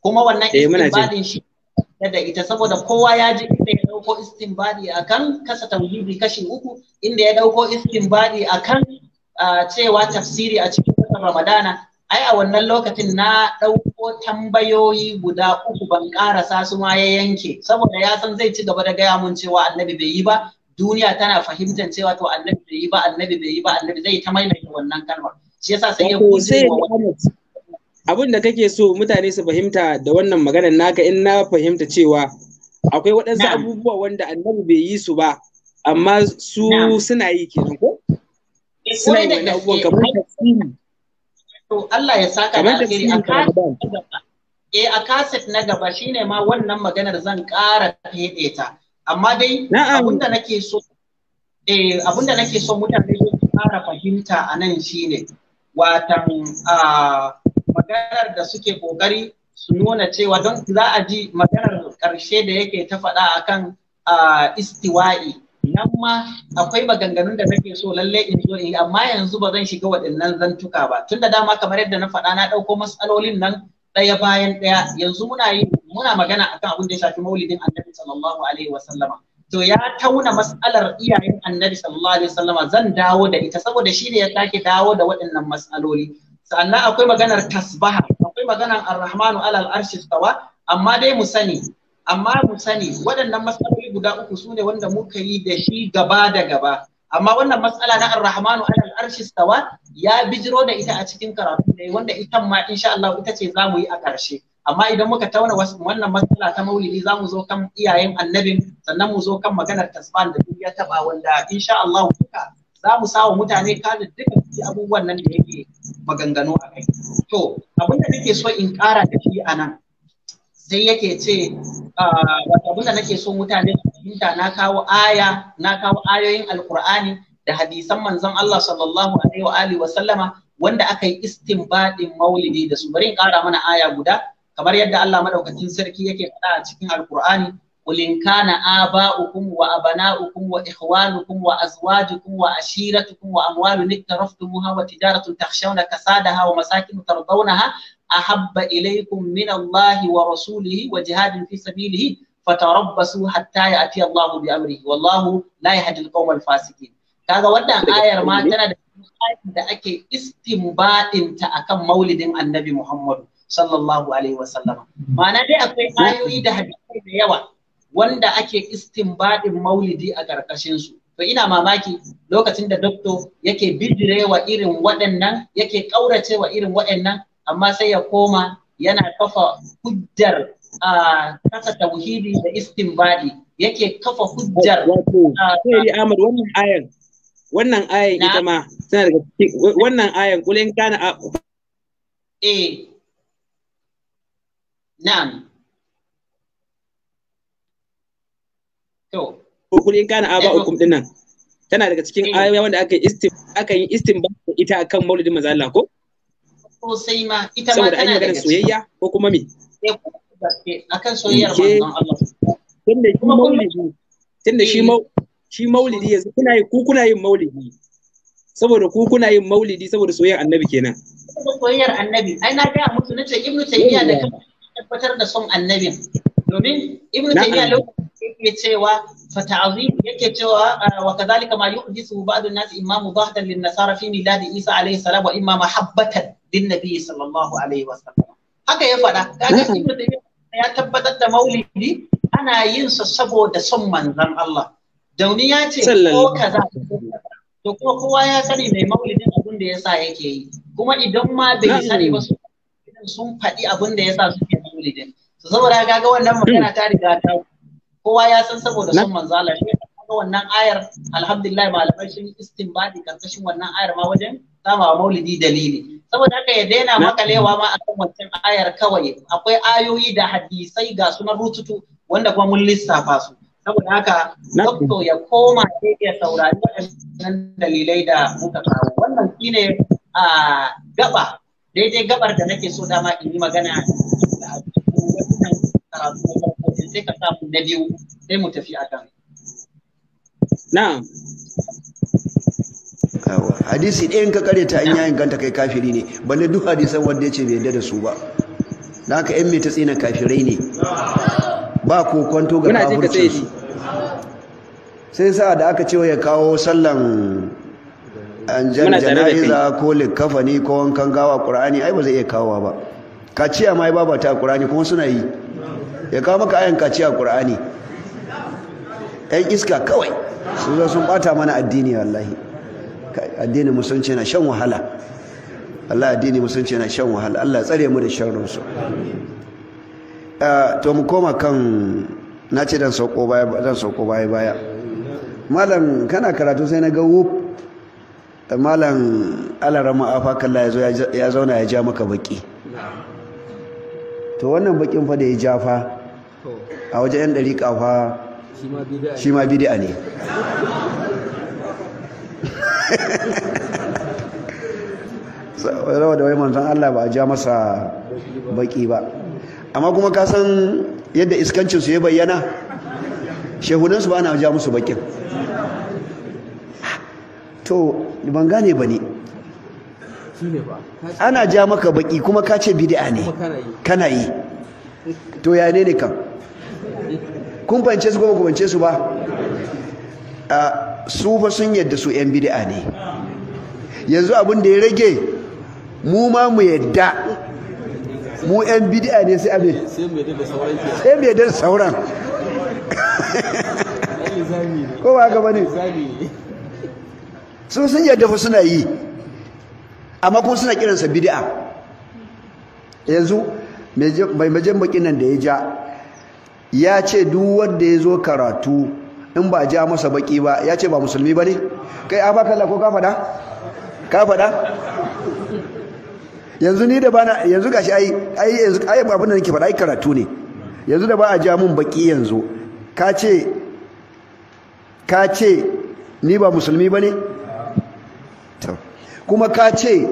kuma wannan eh, babu shi da ita saboda kowa ya ji inda ya dauko istinbadi akan kasa tauhidi kashi uku inda ya dauko istinbadi akan cewa tafsiri a cikin watan ramadana ai a wannan lokacin na ɗauko tambayoyi guda uku ban karasa su ma ya yanke saboda ya san zai ci gaba da gaya mun cewa annabi bai yi ba duniya tana fahimtar cewa to annabi bai yi ba annabi bai yi ba annabi zai ta maimaita wannan kalmar shi yasa sai ya kuce abin da kake so mutane su fahimta da wannan maganar naka in na fahimta cewa akwai waɗansu abubuwa wanda annabi bai yi su ba amma su suna yi ke ko eh, suna yi wani abubuwa kamar su to Allah ya saka da alheri a kaset na gaba eh a kaset na gaba shine ma wannan maganar zan ƙara fedeta ta amma dai abinda nake so eh abinda nake so mutane su fara fahimta a nan shine watan maganar da suke kokari su nuna cewa don za a ji maganar karshe da yake ta faɗa akan istiwa'i nan ma akwai maganganun da nake so lalle in zo in amma yanzu ba zan shiga waɗannan zantuka ba tunda dama kamar yadda na faɗa na ɗauko matsalolin nan ɗaya bayan ɗaya yanzu muna yin muna magana akan abin da ya shafi maulidin annabi sallallahu alaihi wa sallama to ya tauna mas'alar iyayen annabi sallallahu alaihi wa sallama zan dawo da ita saboda shi ne ya sake dawo da waɗannan mas'aloli sannan akwai maganar tasbaha akwai maganar arrahmanu alal arshi stawa amma dai mu sani amma mu sani waɗannan matsaloli guda uku su ne wanda muka yi da shi gaba da gaba amma wannan matsala na arrahmanu alal arshi ya bijiro da ita a cikin karatu ne wanda ita ma insha Allah ita ce za mu yi a ƙarshe amma idan muka tauna wannan matsala ta maulidi za mu zo kan iyayen annabin sannan mu zo kan maganar tasban da duk ya taba wanda insha Allah duka za mu sawa mutane kada duka abubuwan nan da yake maganganu a kai to abin da nake so in ƙara da shi a nan sai yake ce wato abin da nake so mutane su fahimta na kawo aya na kawo ayoyin alkur'ani da hadisan manzon Allah sallallahu alaihi wa alihi wa sallama wanda aka yi istinbadin maulidi da su bari in kara mana aya guda kamar yadda Allah madaukakin sarki yake faɗa a cikin alkur'ani قل إن كان آباؤكم وأبناؤكم وإخوانكم وأزواجكم وعشيرتكم وأموال اقترفتموها وتجارة تخشون كسادها ومساكن ترضونها أحب إليكم من الله ورسوله وجهاد في سبيله فتربصوا حتى يأتي الله بأمره والله لا يهدي القوم الفاسقين kaga wannan ayar ma tana da ayar da ake istinbadin ta akan maulidin annabi Muhammadu sallallahu alaihi sallama. ma'ana dai akwai ayoyi da hadisai da yawa wanda ake istinbadin maulidi a karkashin su to ina mamaki lokacin da dokto yake bidirewa irin waɗannan yake ƙauracewa irin waɗannan amma sai ya koma yana kafa hujjar a kasa tauhidi da istinbadi yake kafa hujjar sai Ahmad wannan ayan wannan ayan ita ma tana daga wannan ayan kulen kana eh نعم To. Kul in kana aba eh, ukum dinnan. Tana daga cikin eh. ayoyi wanda aka istim aka yi istimba ita akan mauludin manzo Allah ko? Ko sai ma ita ma tana daga soyayya ko kuma me? Eh, akan soyayyar manzo Allah. Tunda shi maulidi tunda shi shi maulidi yanzu kuna yi ku kuna yin maulidi saboda ku kuna yin maulidi saboda soyayyar annabi kenan. Soyayyar annabi ai na ga ibnu da tabbatar da son annabin domin ibn taymiya lokacin yake cewa fa ta'zim yake cewa ah, wa kadhalika ma yuhdithu ba'd an-nas imamu dhahdan lin-nasara fi milad Isa alayhi salam wa imma mahabbatan lin-nabi sallallahu alaihi wasallam haka ya faɗa kaga ibn taymiya ya tabbatar da maulidi ana yin sa saboda son manzon Allah dauni ya ce ko kaza to kuma kowa ya sani mai maulidin abin da yasa yake yi kuma idan ma bai sani ba sun faɗi abin da yasa suke mulidin to saboda ga wannan magana ta riga ta kowa ya san saboda son manzo Allah shi ga wannan ayar alhamdulillah malamai sun istinbadi karkashin wannan ayar ma wajen sama wa maulidi dalili saboda haka ya daina makalewa ma a kan wancan ayar kawai akwai ayoyi da hadisai ga sunan rututu wanda kuma mun lissafa su saboda haka dokto ya koma ya saurari waɗannan dalilai da muka kawo wannan shine a ah, gaba daidai gabar da nake so dama in yi magana na biyu sai mu tafi akan na'am hadisi ɗayan ka kare ta an yayin ganta kai kafiri ne balle duk hadisan wanda ya ce bai yarda da su ba na ka yan mai ta tsina kafirai ne ba ko kwanto ga kafircin su sai sa da aka ce ya kawo sallan an jan jana'iza ko likkafa ne ko wankan gawa qur'ani ai ba zai iya kawowa ba kaciya ma ya ta a ƙur'ani kuma suna yi ya kawo maka ayan kaciya a ƙur'ani yan iska kawai su zo sun bata mana addini wallahi addini musulunci na shan wahala Allah addini musulunci na shan wahala Allah ya tsare mu da shan rusu ah, to mu koma kan na ce dan sauko baya dan sauko baya baya malam kana karatu sai na ga wuf malam alarama afakan la ya zauna ya ja maka baki to wannan bakin fa da ya ja a wajen yan dariƙa fa shi ma bid'a ne rawa da wai manzan Allah ba a ja masa baki ba amma kuma ka san yadda iskancin su ya bayyana shehunan su ba na ja musu bakin to ban gane ba ne ana ja maka baki kuma ka ce bid'a ne kana yi to ya ne ne kam kun fahimce su kuma kumance su ba su fa sun yadda su yan bid'a ne yanzu abin da ya rage mu ma mu yadda mu yan bid'a ne sai abin sai mu yadda da sauran ko ba haka bane su sun yadda fa suna yi amma kuma suna kiransa bid'a yanzu mai majen bakin nan da ya ja ya ce duk wanda ya zo karatu in ba ja masa baki ba ya ce ba musulmi ba ne kai a baka ko ka faɗa ka faɗa yanzu ni da ba na yanzu gashi ai ai yanzu ai abin da nake faɗa ai karatu ne yanzu da ba a ja mun baki yanzu ka ce ka ce ni ba musulmi ba ne kuma ka ce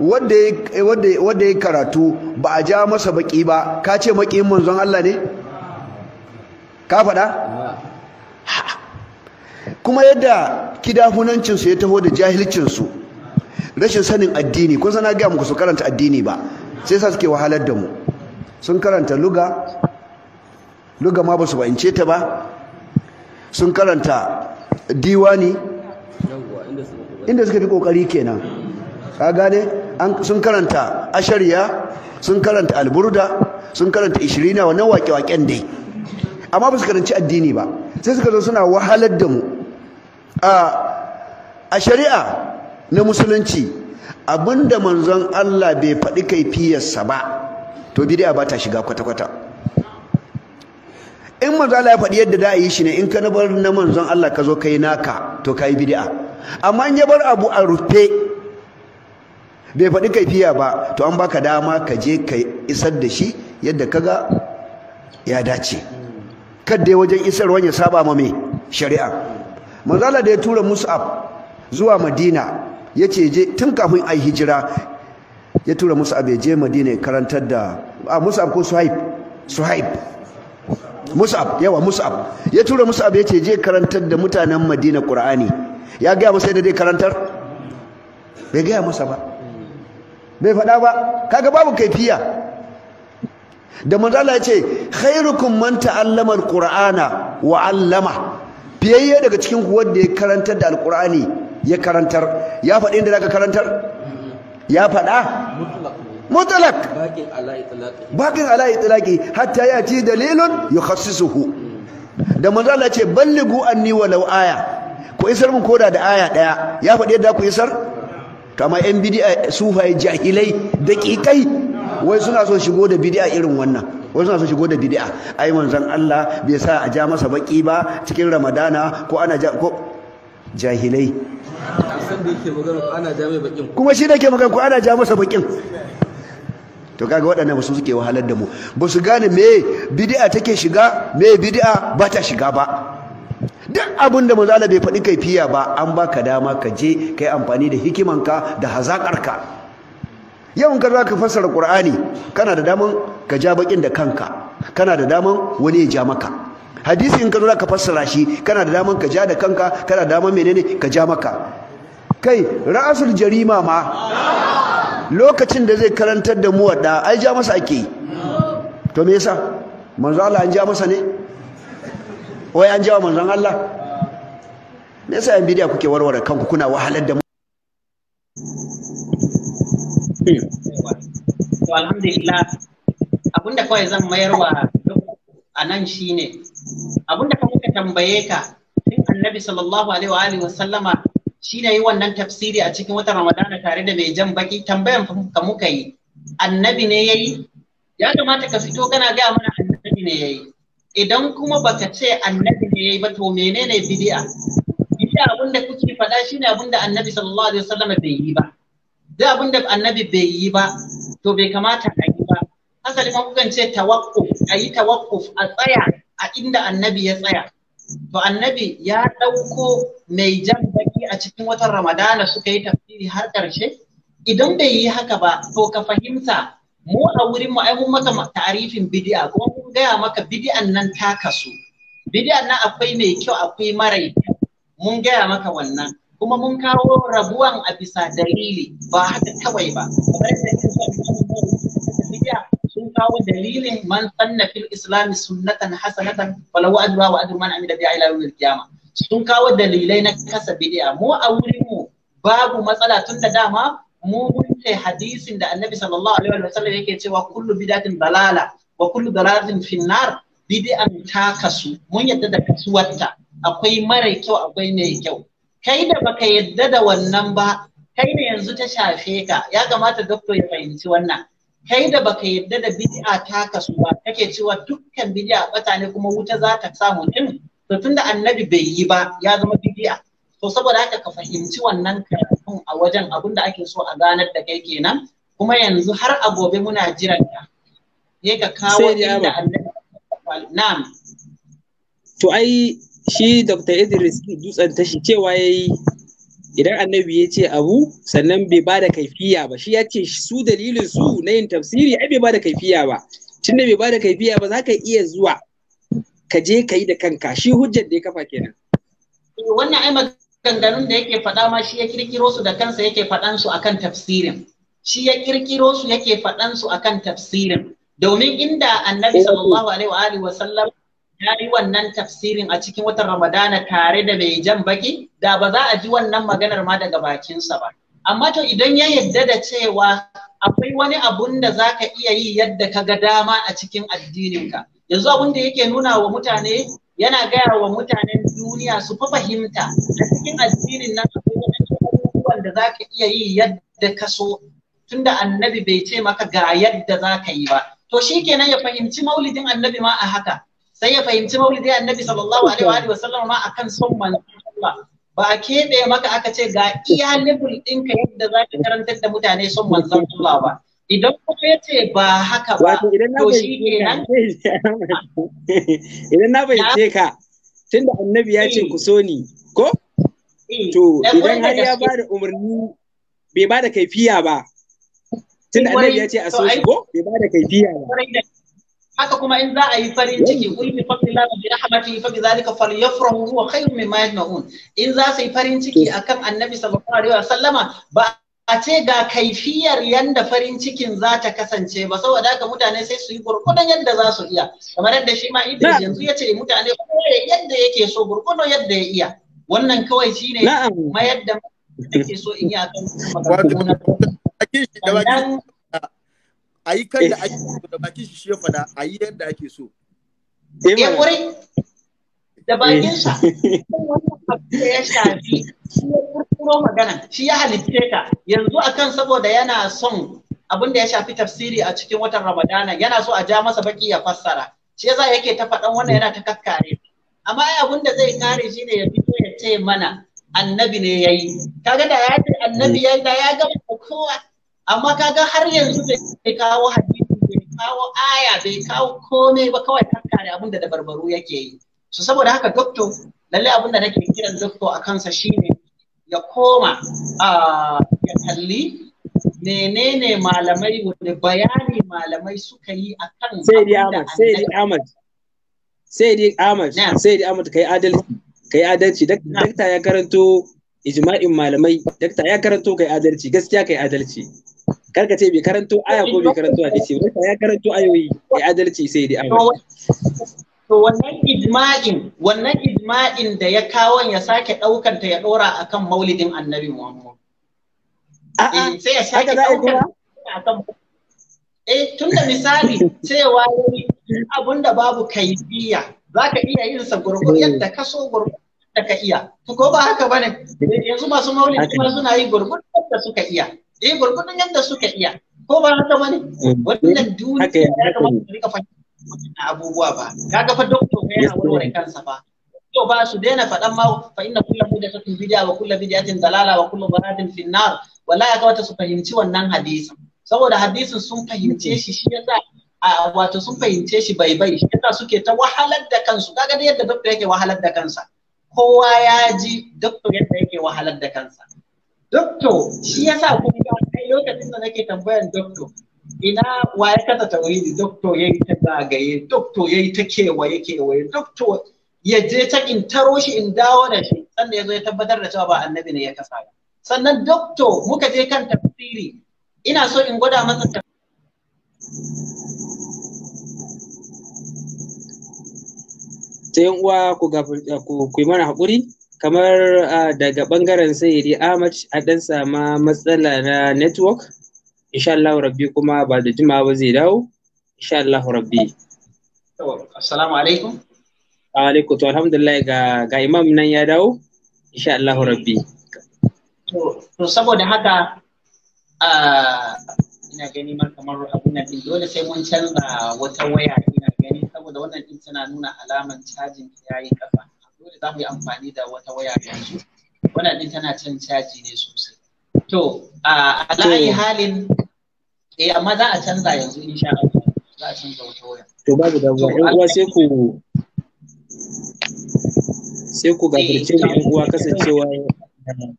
wadda ya karatu ba a ja masa baki ba ka ce maƙin manzon Allah ne ka faɗa kuma yadda kidafunancinsu ya taho da jahilcinsu rashin sanin addini kun sana gaya muku su karanta addini ba sai sa suke wahalar da mu sun karanta luga luga ma ba su ba'ince ta ba sun karanta diwani inda suka fi kokari kenan ka gane sun karanta ashariya sun karanta alburda sun karanta ishirina wannan wake-waken dai amma ba su karanci addini ba sai suka zo suna wahalar da mu a shari'a na musulunci abinda manzon Allah bai faɗi kai kaifiyarsa ba to bid'a ba ta shiga kwata-kwata in manzo Allah ya faɗi yadda da a yi shi ne in ka na bar na manzon Allah ka zo ka yi naka to ka yi bidi'a. amma in ya bar abu a rufe bai faɗi kai fiya ba to an baka dama ka je ka isar da shi yadda ka ga ya dace kadda wajen isarwa ya saba ma mai shari'a manzo Allah da ya tura Mus'ab zuwa Madina ce je tun kafin ai hijira ya tura Mus'ab ya je Madina ya karantar da a Mus'ab ko Suhaib mus'ab yawa mus'ab ya tura mus'ab ya ce je karantar da mutanen madina qur'ani ya gaya masa yadda zai karantar bai gaya masa ba bai faɗa ba kaga babu kaifiya da manzala ya ce khairukum man ta'allama qur'ana wa 'allama biyayye daga cikin ku wanda ya karantar da al-Qur'ani ya karantar ya faɗi inda zaka karantar ya faɗa mutlaq bakin ala itlaqi hatta ci dalilun yukhassisuhu da manzo Allah ce balligu anni walau aya ku isar mun koda da aya daya ya faɗi yadda ku isar kama yan bid'a sufaye jahilai daƙiƙai wai suna so shigo da bid'a irin wannan wai suna so shigo da bid'a ai manzon Allah bai sa a ja masa baki ba cikin Ramadana ko ana ja ko jahilai kuma shi da ke magana ko ana ja masa bakin to kaga waɗannan ba su suke wahalar da mu ba su gane me bidi'a take shiga me bidi'a ba ta shiga ba duk abin da manzo bai faɗi fiya ba an baka dama ka je kai amfani da hikimanka da hazaƙarka yau in ka za fassara qur'ani kana da daman ka ja bakin da kanka kana da daman wani ya ja maka hadisi in ka zaka fassara shi kana da daman ka ja da kanka kana da daman menene ka ja maka kai ra'asul jarima ma lokacin da zai karantar da mu wadda ai ja masa ake yi to me yasa manzo Allah an ja masa ne wai an ja wa manzon Allah me yasa yan bidiya kuke warware kanku kuna wahalar da mu to alhamdulillah abinda kawai zan mayarwa a nan shine abinda ka tambaye ka tun annabi sallallahu alaihi wa sallama shi yi wannan tafsiri a cikin watan ramadana tare da mai jan baki tambayan ka muka yi annabi ne ya yi ya kamata ka fito kana ga mana annabi ne ya yi idan kuma baka ce annabi ne ya yi ba to menene bid'a bid'a abin da kuke faɗa shine abin da annabi sallallahu alaihi wasallam bai yi ba da abin da annabi bai yi ba to bai kamata a yi ba hasali ma kukan ce tawakkuf a yi tawakkuf a tsaya a inda annabi ya tsaya to annabi ya ɗauko mai jan baki a cikin watan ramadana suka yi tafsiri har ƙarshe idan bai yi haka ba to ka fahimta mu a wurin mu ai mun maka ta'arifin bid'a kuma mun gaya maka bid'an nan ta kasu bid'an nan akwai mai kyau akwai mara kyau mun gaya maka wannan kuma mun kawo rabuwan a bisa dalili ba haka kawai ba kamar yadda kin sun kawo dalilin man sanna fil islami sunnatan hasanatan falahu ajruha wa ajru man amila biha ila yawmil sun kawo dalilai na kasa bid'a mu a wurin mu babu matsala tun da dama mu wuce hadisin da annabi sallallahu alaihi wa sallam yake cewa kullu bid'atin dalala wa kullu dalalatin finnar bid'an ta kasu mun yadda da kasuwarta akwai mara kyau akwai mai kyau kai da baka yadda da wannan ba kai ne yanzu ta shafe ka ya kamata doctor ya fahimci wannan kai da baka yadda da bid'a ta kasu ba kake cewa dukkan bid'a bata ne kuma wuta za ta samu din to tunda annabi bai yi ba ya zama bid'a to saboda haka ka fahimci wannan karatun a wajen abin ake so a ganar da kai kenan kuma yanzu har a gobe muna jiran ka ne ka kawo inda annabi na'am to ai shi Dr. Idris Dutsen tashi cewa yayi idan annabi ya ce abu sannan bai ba da kaifiya ba shi ya ce su dalilin su na yin tafsiri ai bai ba da kaifiya ba tunda bai ba da kaifiya ba za ka iya zuwa ka je ka yi da kanka shi hujjar da ya kafa kenan wannan ai maganganun da yake faɗa ma shi ya kirkiro su da kansa yake faɗan su akan tafsirin shi ya kirkiro su yake faɗan su akan tafsirin domin inda annabi eh. sallallahu alaihi wa alihi wa sallam ya yi wannan tafsirin a cikin watan Ramadana tare da mai jan baki da ba za a ji wannan maganar ma daga bakinsa ba. Amma to idan ya yadda da cewa akwai wani abun da zaka iya yi yadda ka ga dama a cikin addininka. Yanzu abun da yake nuna wa mutane yana gaya wa mutanen duniya su fa fahimta a cikin addinin nan abubuwan da za iya yi yadda ka so tunda annabi bai ce maka ga yadda za ka yi ba. To shi kenan ya fahimci maulidin annabi ma a haka. sai ya fahimci maulidi annabi sallallahu alaihi wa sallam ma akan son manzo Allah ba a keɓe maka aka ce ga iya level ɗinka yadda za ka karantar da mutane son manzo Allah ba idan kuma ya ce ba haka ba to shi kenan [laughs] idan na fahimce ka tunda annabi ya ce eh. ku so ni ko eh. to idan har ya ba da umarni bai ba da kaifiya ba tunda annabi ya ce a so shi ko bai ba da kaifiya ba haka kuma in za a yi farin ciki kun yi fadlillah wa bi rahmatin fa bi zalika falyafrahu huwa khayrun mimma yajma'un in za su yi farin ciki akan annabi sallallahu alaihi wasallama ba a ce ga kaifiyar yanda farin cikin za ta kasance ba saboda haka mutane sai su yi gurgudun yadda za su iya kamar yadda shi ma Idris yanzu ya ce mutane kowa yadda yake so gurgudun yadda ya iya wannan kawai shine mayar da yake so in yi akan maganganu na a yi kan da eh. ake so da bakin shi shi ya faɗa a yi yadda ake so. Eh, ya wuri da bakin sa eh. [laughs] ya shafi shi ya kurkuro magana shi ya halitte ka yanzu akan saboda yana son abin da ya shafi tafsiri a cikin watan Ramadana yana so a ja masa baki ya fassara shi yasa yake ta faɗan wannan yana ta kakkare amma ai abin da zai kare shi ne ya fito ya ce mana annabi ne yayi kaga da ya ce annabi mm. yayi da ya gama kowa amma kaga har yanzu bai kawo hadisi bai kawo aya bai kawo komai ba kawai tarka ne abin da barbaro yake yi so saboda haka dokto lalle abin da nake kiran dokto a kansa shine ya koma ya kalli menene malamai wani bayani malamai suka yi akan sai dai Ahmad sai dai Ahmad sai dai Ahmad sai dai Ahmad kai adalci kai adalci dakta ya karanto ijma'in malamai dakta ya karanto kai adalci gaskiya kai adalci karka ce bai karanto aya ko bai karanto hadisi ba ya karanto ayoyi ya adalci sai dai amma to wannan ijma'in wannan ijma'in da ya kawo ya sake daukar ya dora akan maulidin annabi Muhammad a'a eh, sai ya sake daukar akan eh tunda misali cewa abinda babu kaifiya zaka iya yin sa gurgur eh. yadda ka so gurgur da ka iya ko ba haka bane eh. yanzu masu maulidi kuma suna yin gurgur yadda suka iya dai eh, gurgudun yadda suka iya ko ba haka bane eh, wannan duniya ya kamata su rika fahimta abubuwa ba kaga fa doctor ne a wurin kansa ba to ba su daina faɗan ma fa inna kullu bid'atin bid'a wa kullu bid'atin dalala wa kullu dalatin fi nar wallahi ya kamata su fahimci wannan hadisin saboda hadisin sun fahimce shi shi yasa wato sun fahimce shi bai bai shi yasa suke ta wahalar da kansu kaga da yadda doctor yake wahalar da kansa kowa ya ji doctor yadda yake wahalar da kansa Dokto, shi ya sa kun ga kai lokacin da nake tambayar dokto, ina wa ya kasa dokto ya yi ta zagaye, dokto ya yi ta kewaye kewaye, dokto ya je ta in taro shi in dawo da shi, sannan ya zo ya tabbatar da cewa ba annabi ne ya kasa Sannan dokto muka je kan tafsiri, ina so in gwada masa ta uwa ku yi mana haƙuri kamar ah, daga bangaren sayyidi Ahmad a dan sama matsala na network insha Allah rabbi kuma ba da jima ba zai dawo insha Allah rabbi assalamu alaikum alaikum to alhamdulillah ga ga imam nan ya dawo insha Allah rabbi to saboda haka ah, ina gani mar kamar abin nan dole sai mun canza wata waya ina gani saboda wannan din tana nuna alaman cajin yayi kafa dole za mu yi amfani da wata waya yanzu wannan din tana can caji ne sosai to a ala'ayi halin eh amma za a canza yanzu insha Allah za a canza wata waya to babu da ba uwa sai ku sai ku gafirce mu eh, yan uwa kasancewa waya dan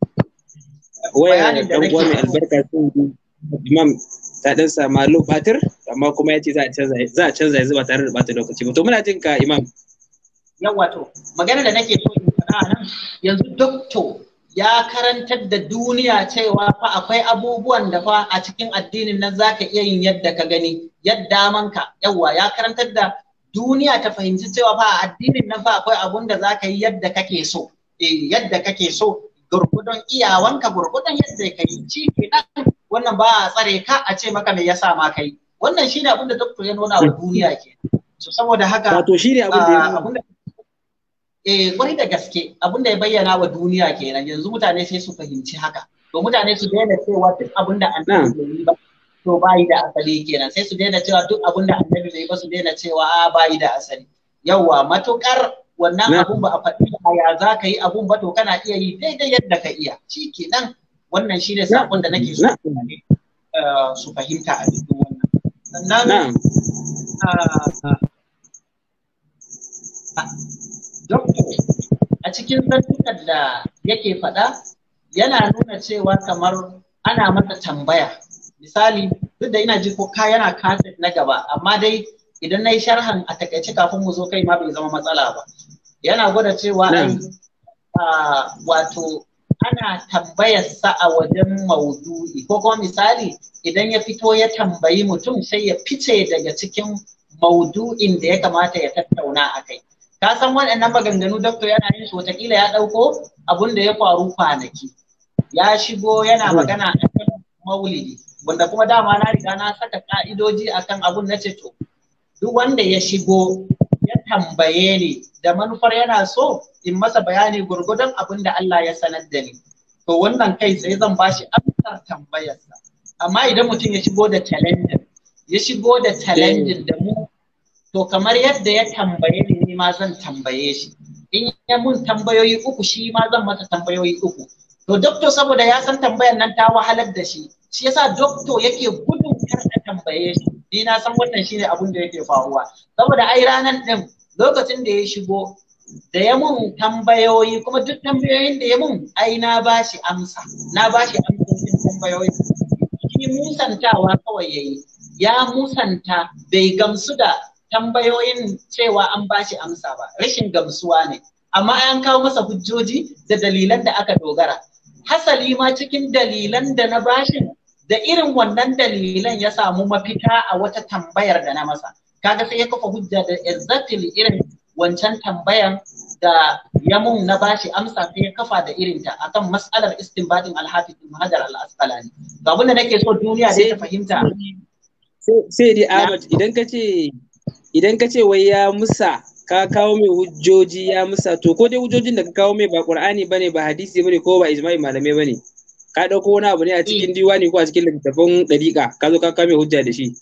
uwa mai albarka sun imam ta dan samu batir amma kuma ya ce za a canza yanzu ba tare da bata lokaci ba to muna jin ka imam yawa to magana da nake so in faɗa nan yanzu doctor ya karantar da duniya cewa fa akwai abubuwan da fa a cikin addinin nan zaka iya yin yadda ka gani yadda manka yawa ya karantar da duniya ta fahimci cewa fa a addinin nan fa akwai abun da zaka yi yadda kake so eh yadda kake so gurgudun iyawanka gurgudun yadda ka yi ci wannan ba a tsare ka a ce maka me yasa ma kai wannan shine abin da doctor ya nuna wa duniya ke so saboda haka wato shine abin da ah, eh kwarai da gaske abin da ya bayyana wa duniya kenan yanzu mutane sai su fahimci haka to mutane su daina cewa duk abin da annabi ba to bayi da asali kenan sai su daina cewa duk abin da annabi bai ba su daina cewa a ah, bayi da asali yawa matukar wannan abun ba a faɗi ya za ka yi abun ba to kana iya yi daidai yadda ka iya shi kenan wannan shi ne sakon da nake so eh, su fahimta a duk wannan sannan don a cikin zantukan da yake faɗa yana nuna cewa kamar ana masa tambaya misali duk da ina ji ko ka yana kaset na gaba amma dai idan na yi sharhan a takaice kafin mu zo kai ma bai zama matsala ba yana gwada cewa wato ana tambayar sa a wajen maudu'i ko kuma misali idan ya fito ya tambayi mutum sai ya fice daga cikin maudu'in da ya kamata ya tattauna a kai ka san waɗannan maganganu dakto yana yin su watakila ya ɗauko abun da ya faru kwanaki ya shigo yana hmm. magana a kan maulidi wanda kuma dama na riga na saka ka'idoji akan abun na ce to duk wanda ya shigo ya tambaye ni da manufar yana so in masa bayani gurgudan abun da Allah ya sanar da ni to wannan kai sai zan bashi amsar tambayarsa amma idan mutum ya shigo da challenge ya shigo da challenge da mu to kamar yadda ya tambaye ni ma zan tambaye shi in ya mun tambayoyi uku shi ma zan masa tambayoyi uku to doctor saboda ya san tambayan nan ta wahalar da shi shi yasa doctor yake gudun kar a tambaye shi ni na san wannan shine abin da yake faruwa saboda ai ranan din lokacin da ya shigo da ya mun tambayoyi kuma duk tambayoyin da ya mun ai na bashi amsa na bashi amsoshin tambayoyi shi musantawa kawai yayi ya musanta bai gamsu da tambayoyin cewa an bashi amsa ba rashin gamsuwa ne amma an kawo masa hujjoji da dalilan da aka dogara hasali ma cikin dalilan da na bashin da irin wannan dalilan ya samu mafita a wata tambayar da na masa kaga sai ya kafa hujja da exactly irin wancan tambayan da ya mun na bashi amsa sai ya kafa da irinta akan mas'alar istinbatin alhafiz ibn hajar al-asqalani ga nake so duniya da ta fahimta sai dai Ahmad idan kace. idan ka ce wai ya musa ka kawo mai hujjoji ya musa to ko dai hujjojin da ka kawo mai ba qur'ani bane ba hadisi bane ko ba ijma'i malamai bane ka dauko wani abu ne a cikin diwani ko a cikin littafin dariƙa ka zo ka kawo mai hujja da shi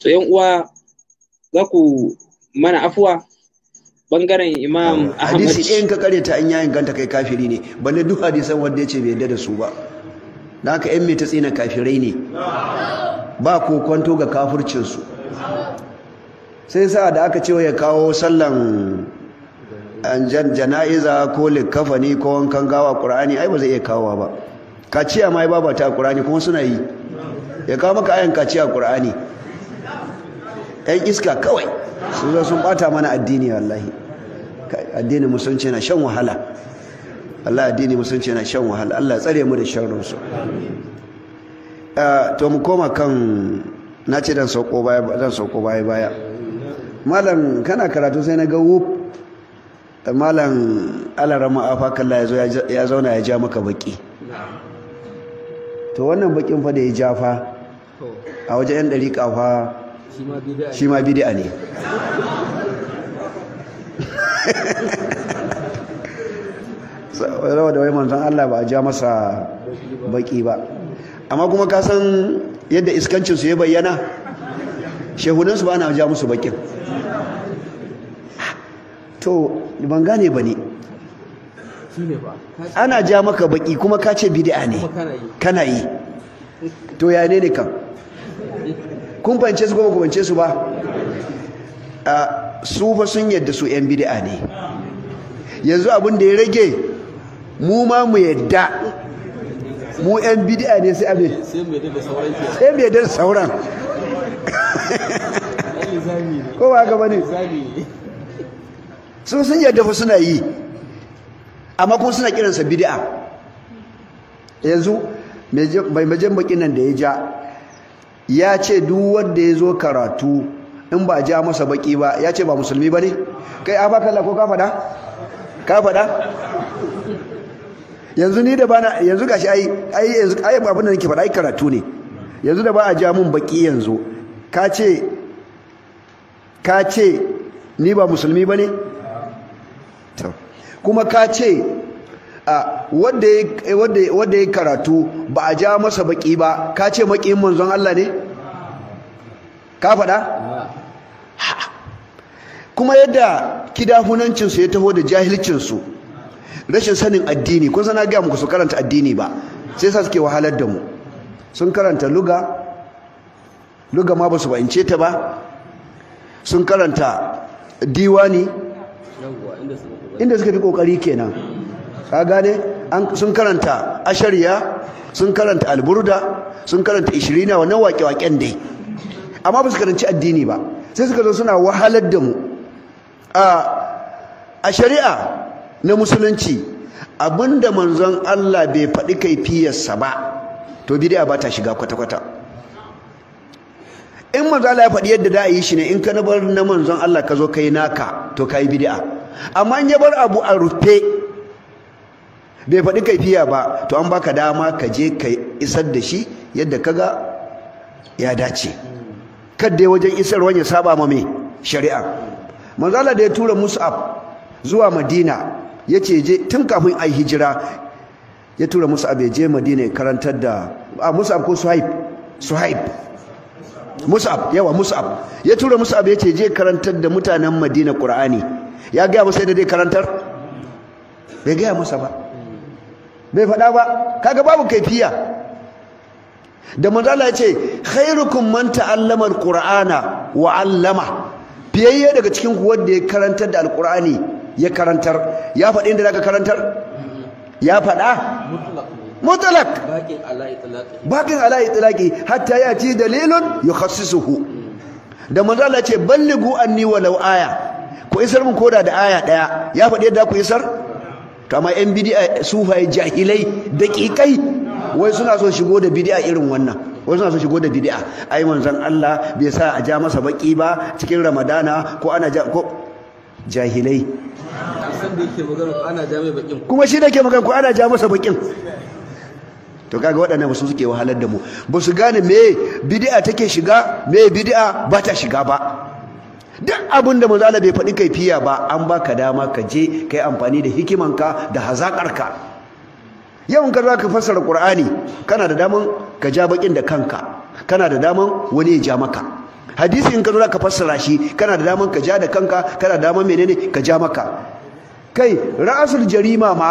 to yan uwa za ku mana afuwa bangaren imam ah, ahmad hadisi in ka kare ta an yayin ganta kai kafiri ne balle duk hadisan wanda ya ce bai yadda da su ba naka yan mai ta tsina kafirai ne ba kokonto ga kafircinsu sai sa da aka ce ya kawo sallan jana'iza ko likafani ko wankan gawa ƙur'ani ai ba zai iya kawowa ba kaciya ma ba a ƙur'ani kuma suna yi ya kawo maka ayan kaciya a ƙur'ani ɗan iska kawai sun zo sun ɓata mana addini wallahi addini musulunci na shan wahala Allah addini musulunci na shan wahala Allah tsare mu da rusu Eh, to mu koma kan na ce dan sauko baya dan sauko baya baya malam kana karatu sai na ga wuf malam alarama afa kalla yazo ya zauna ya ja maka baki to wannan bakin fa da ya ja fa a wajen yan dariƙa fa shi ma bid'a ne [laughs] da wai manzon Allah ba a ja masa baki ba amma kuma ka san yadda iskancinsu ya bayyana shehunansu ba na ja musu bakin to ban gane ba ne ana ja maka baki kuma ka ce bid'a ne kana yi to ya ne ne kan kun fahimce su kuma kumance su ba su fa sun yadda su yan bid'a ne yanzu abin da ya rage mu ma mu yadda mu yan bid'a ne sai abin sai mai yadda da sauran ko ba ga bane sun sun yadda fa suna yi amma kuma suna kiransa bid'a yanzu mai majen bakin nan da ya ja ya ce duk wanda ya zo karatu in ba ja masa baki ba ya ce ba musulmi ba ne kai a baka ko ka faɗa ka faɗa yanzu ni da bana yanzu gashi ai ai yanzu ai abin da nake faɗa ai karatu ne yanzu da ba a ja mun baki yanzu ka ce ka ce ni ba musulmi bane kuma ka ce wanda ya karatu ba a ja masa baki ba ka ce mun manzon Allah ne ka faɗa kuma yadda kidafunancinsu ya taho da jahilcinsu rashin sanin addini kun sana gaya muku su karanta addini ba sai sa suke wahalar da mu sun karanta luga luga ma ba su bayance ta ba sun karanta diwani inda suka fi kokari kenan ka gane sun karanta ashariya sun karanta alburda sun karanta ishirina wannan wake-waken dai amma ba su karanci addini ba sai suka zo suna wahalar da mu a shari'a na musulunci abinda manzon Allah bai faɗi kaifiyarsa ba to bid'a ba ta shiga kwata-kwata in manzon Allah ya faɗi yadda da a yi shi ne in ka na bar na manzon Allah ka zo ka yi naka to ka yi bid'a amma in ya bar abu a rufe bai faɗi kaifiya ba to an baka dama ka je ka isar da shi yadda kaga ya dace kadda wajen isar ya saba ma mai shari'a Allah da ya tura mus'ab zuwa madina ya ce je tun kafin a hijira ya tura musu abu ya je madina ya karantar da a abu ko suhaib suhaib abu yawa abu ya tura abu ya ce je karantar da mutanen madina kur'ani ya gaya musu yadda zai karantar bai gaya musa ba bai faɗa ba kaga babu kaifiya da manzo ya ce khairukum man ta'allama alqur'ana wa 'allama fiyayye daga cikin ku da ya karantar da alkur'ani ya karantar ya faɗi inda daga karantar ya faɗa mutalak bakin ala itlaqi hatta ya ci dalilun yukhassisuhu da manzo Allah ce ballighu anni walau aya ku isar mun koda da aya daya ya faɗi yadda ku isar Kama amma yan bid'a sufaye jahilai daƙiƙai wai suna so shigo da bid'a irin wannan wasu na su shigo da didi'a ai manzon Allah bai sa a ja masa baki ba cikin Ramadana ko ana ja ko jahilai kuma shi da ke magana ko ana ja masa bakin to kaga waɗannan wasu suke wahalar da mu ba su gane me bid'a take shiga me bid'a ba ta shiga ba duk abin da manzo bai faɗi fiya ba an baka dama ka je kai amfani da hikimanka da hazaƙarka yawan ka zaka fassara qur'ani kana da daman ka ja bakin da kanka kana da daman wani ya ja maka hadisi in ka zo zaka fasara shi kana da daman ka ja da kanka kana da daman menene ka ja maka kai ra'asul jarima ma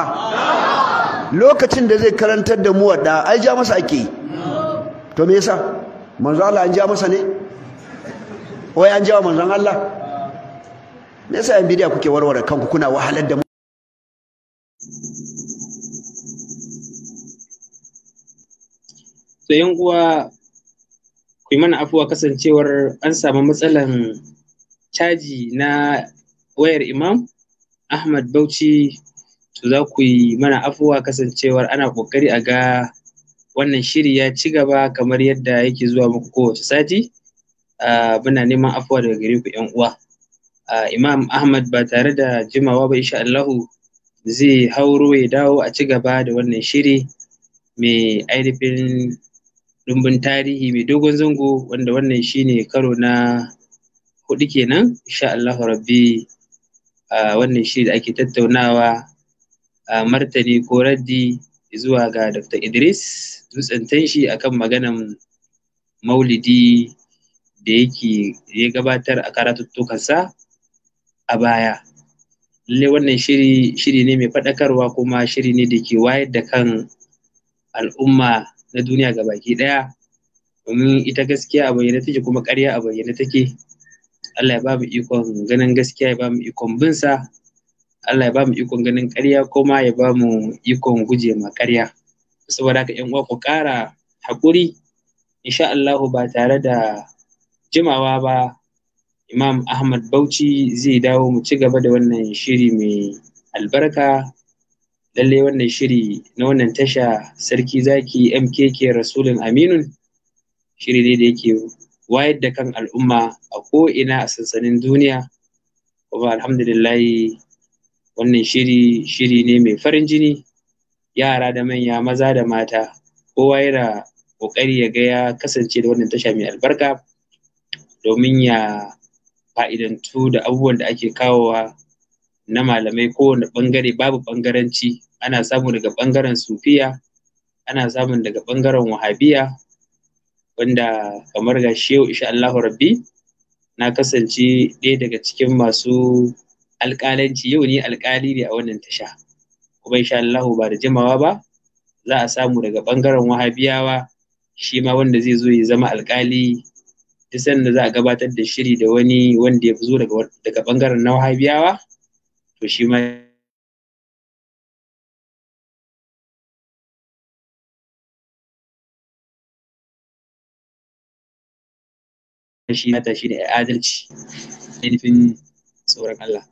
lokacin da zai karantar da mu wadda ai ja masa ake to me yasa manzo Allah an ja masa ne wai an ja manzon Allah me yasa an bidiya kuke warware kanku kuna wahalar da mu so yan uwa ku yi mana afuwa kasancewar an samu matsalan caji na wayar imam ahmad bauchi to za ku yi mana afuwa kasancewar ana kokari a ga wannan shiri ya ci gaba kamar yadda yake zuwa muku kowace sati muna neman afuwa daga gare ku yan uwa imam ahmad ba tare da jimawa ba insha allahu zai hauro ya dawo a ci gaba da wannan shiri mai ainihin ɗumbin tarihi mai dogon zango wanda wannan shine karo na hudu kenan insha Allahu rabbi a wannan shiri da ake tattaunawa a martani ko raddi zuwa ga Dr. Idris dutsen tanshi akan maganan maulidi da yake ya gabatar a karatuttukansa a baya lallai wannan shiri shiri ne mai faɗakarwa kuma shiri ne da ke wayar da kan al'umma na duniya ga baki daya domin ita gaskiya a bayyane take kuma ƙarya a bayyane take Allah ya ba mu ikon ganin gaskiya ya ba mu ikon bin sa Allah ya ba mu ikon ganin ƙarya kuma ya ba mu ikon guje ma ƙarya saboda haka ƴan uwa ku ƙara haƙuri insha Allah ba tare da jimawa ba Imam Ahmad Bauchi zai dawo mu ci gaba da wannan shiri mai albarka lallai wannan shiri na wannan tasha sarki zaki mkk rasulun aminun shiri ne da yake wayar da kan al'umma a ko ina a sansanin duniya kuma alhamdulillahi wannan shiri shiri ne mai farin jini yara da manya maza da mata kowa yana ƙoƙari ya ga ya kasance da wannan tasha mai albarka domin ya fa'idantu da abubuwan da ake kawowa na malamai kowane bangare babu ɓangaranci ana samu daga ɓangaren sufiya ana samun daga ɓangaren wahabiya wanda kamar ga shi insha Allahu rabbi na kasance ɗaya daga cikin masu alƙalanci yau ni alƙali ne a wannan tasha kuma insha Allahu ba da jimawa ba za a samu daga ɓangaren wahabiyawa shi ma wanda zai zo ya zama alƙali duk sanda za a gabatar da shiri da wani wanda ya zo daga ɓangaren na wahabiyawa to shi ma shi nata shi ne adalci nufin tsoron Allah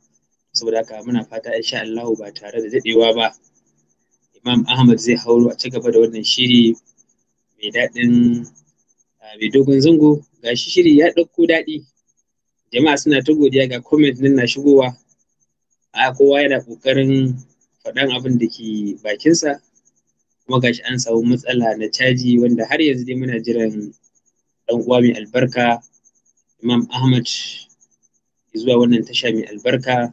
saboda haka muna fata insha Allah ba tare da dadewa ba Imam Ahmad zai hauro a ci gaba da wannan shiri mai daɗin ah, mai dogon zango ga shi shiri ya ɗauko daɗi jama'a suna ta godiya ga comment nan na shigowa a kowa yana ƙoƙarin faɗan abin da ke bakinsa kuma gashi an samu matsala na caji wanda har yanzu dai muna jiran ɗan uwa mai albarka Imam Ahmad zuwa wannan tasha mai albarka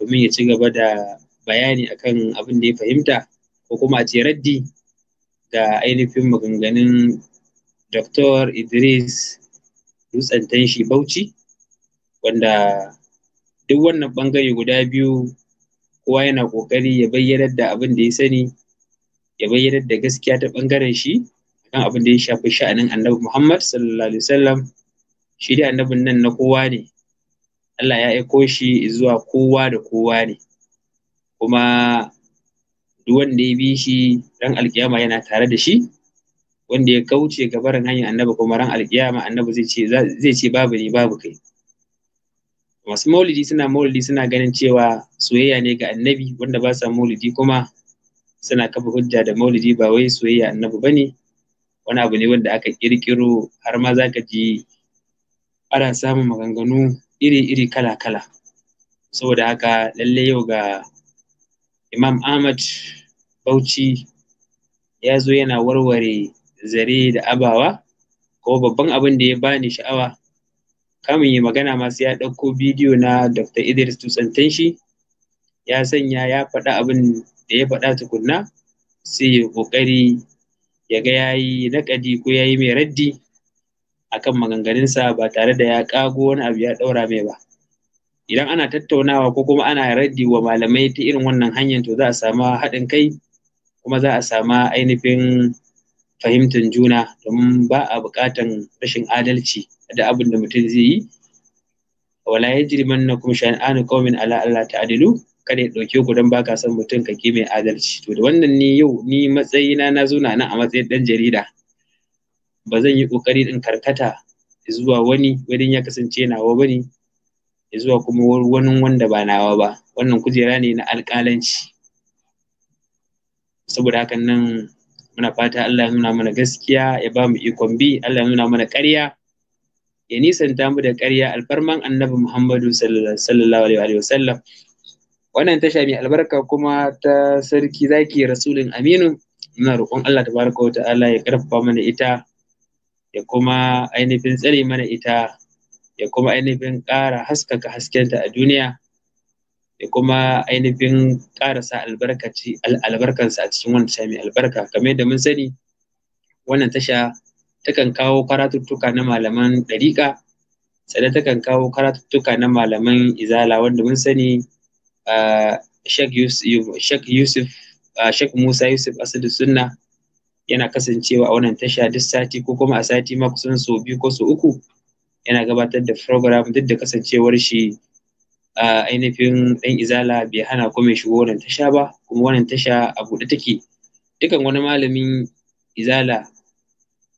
domin ya ci gaba da bayani akan abin da ya fahimta ko kuma a ce raddi ga ainihin maganganun Dr. Idris Dutsen Tanshi Bauchi wanda duk wannan bangare guda biyu kowa yana kokari ya bayyanar da abin da ya sani ya bayyanar da gaskiya ta bangaren shi kan abin da ya shafi sha'anin annabi Muhammad sallallahu alaihi wasallam shi dai annabin nan na kowa ne Allah ya aiko shi zuwa kowa da kowa ne kuma duk wanda ya bi shi ran alkiyama yana tare da shi wanda ya kauce ga barin hanyar annabi kuma ran alkiyama annabi zai ce zai ce babu ni babu kai masu maulidi suna maulidi suna ganin cewa soyayya ne ga annabi wanda ba sa maulidi kuma suna kafa hujja da maulidi ba wai soyayya annabi bane wani abu ne wanda aka kirkiro har ma ka ji ana samun maganganu iri-iri kala-kala saboda haka lallai yau ga imam ahmad bauchi ya zo yana warware zare da abawa ko babban abin da ya bani sha'awa kamun yi magana masu ya ɗauko bidiyo na dr idris tutsantan shi ya sanya ya faɗa abin da ya faɗa tukunna sai ya ƙoƙari ya ga ya yi naƙadi ko ya yi mai raddi akan maganganunsa ba tare da ya kago wani abu ya ɗaura mai ba idan ana tattaunawa ko kuma ana raddi wa malamai ta irin wannan hanyar to za a samu haɗin kai kuma za a samu ainihin fahimtar juna domin ba a buƙatan rashin adalci da abin da mutum zai yi wala yajrimannakum shan'anu qaumin ala alla ta'dilu kada ya ɗauke ku don baka son mutum ka mai adalci to da wannan ni yau ni matsayina na zo nan a matsayin ɗan jarida ba zan yi ƙoƙari in karkata zuwa wani wajen ya kasance nawa ba ne, zuwa kuma wani wanda ba nawa ba wannan kujera ne na alƙalanci saboda hakan nan muna fata Allah ya nuna mana gaskiya ya ba mu ikon bi Allah ya nuna mana ƙarya ya nisanta mu da ƙarya alfarman annabi Muhammadu sallallahu alaihi wa sallam wannan tasha mai albarka kuma ta sarki zaki rasulun aminu muna roƙon Allah tabaraka wa ta'ala ya karfafa mana ita ya kuma ainihin tsare mana ita ya kuma ainihin ƙara haskaka haskenta a duniya ya kuma ainihin ƙara sa albarkaci albarkansa a cikin wannan tasha mai albarka kamar yadda mun sani wannan tasha takan kawo karatuttuka na malaman ɗariƙa sannan takan kawo karatuttuka na malaman izala wanda mun sani ah, Sheikh Yusuf ah, Sheikh Musa Yusuf Asadu Sunna yana kasancewa a wannan tasha duk sati ko kuma a sati ma kusan sau biyu ko sau uku yana gabatar da program duk da kasancewar shi a ainihin ɗan izala bai hana ko mai shigo wannan tasha ba kuma wannan tasha a buɗe take dukan wani malamin izala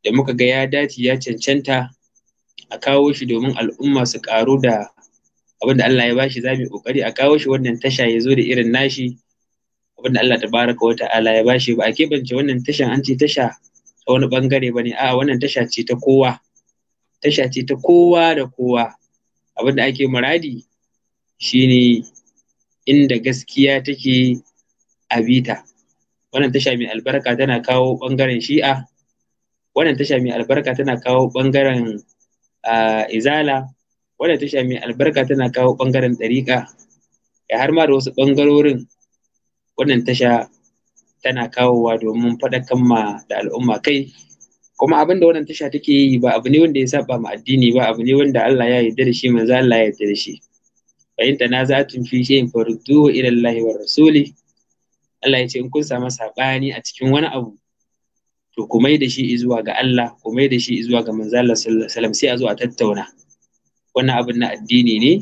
da muka ga ya dace ya cancanta a kawo shi domin al'umma su karu da abin da Allah ya bashi za mu ƙoƙari a kawo shi wannan tasha ya zo da irin nashi abinda Allah tabaraka wa ta'ala ya bashi ba a keɓance wannan tashan an ce tasha a wani bangare ba ne a wannan tasha ce ta kowa tasha ce ta kowa da kowa abinda ake muradi shine inda gaskiya take a bita wannan tasha mai albarka tana kawo bangaren shi'a wannan tasha mai albarka tana kawo bangaren izala wannan tasha mai albarka tana kawo bangaren ɗariƙa ya har ma da wasu ɓangarorin wannan tasha tana kawowa domin faɗakan ma da al'umma kai kuma abin da wannan tasha take yi ba abu ne wanda ya saba ma addini ba abu ne wanda Allah ya yarda da shi manzo Allah ya yarda da shi fa in tanaza'tum fi shay'in farudduhu ila Allah wa rasuli Allah ya ce in kun samu sabani a cikin wani abu to ku mai da shi zuwa ga Allah ku mai da shi zuwa ga manzo Allah sallallahu alaihi wasallam sai a zo a tattauna wannan abin na addini ne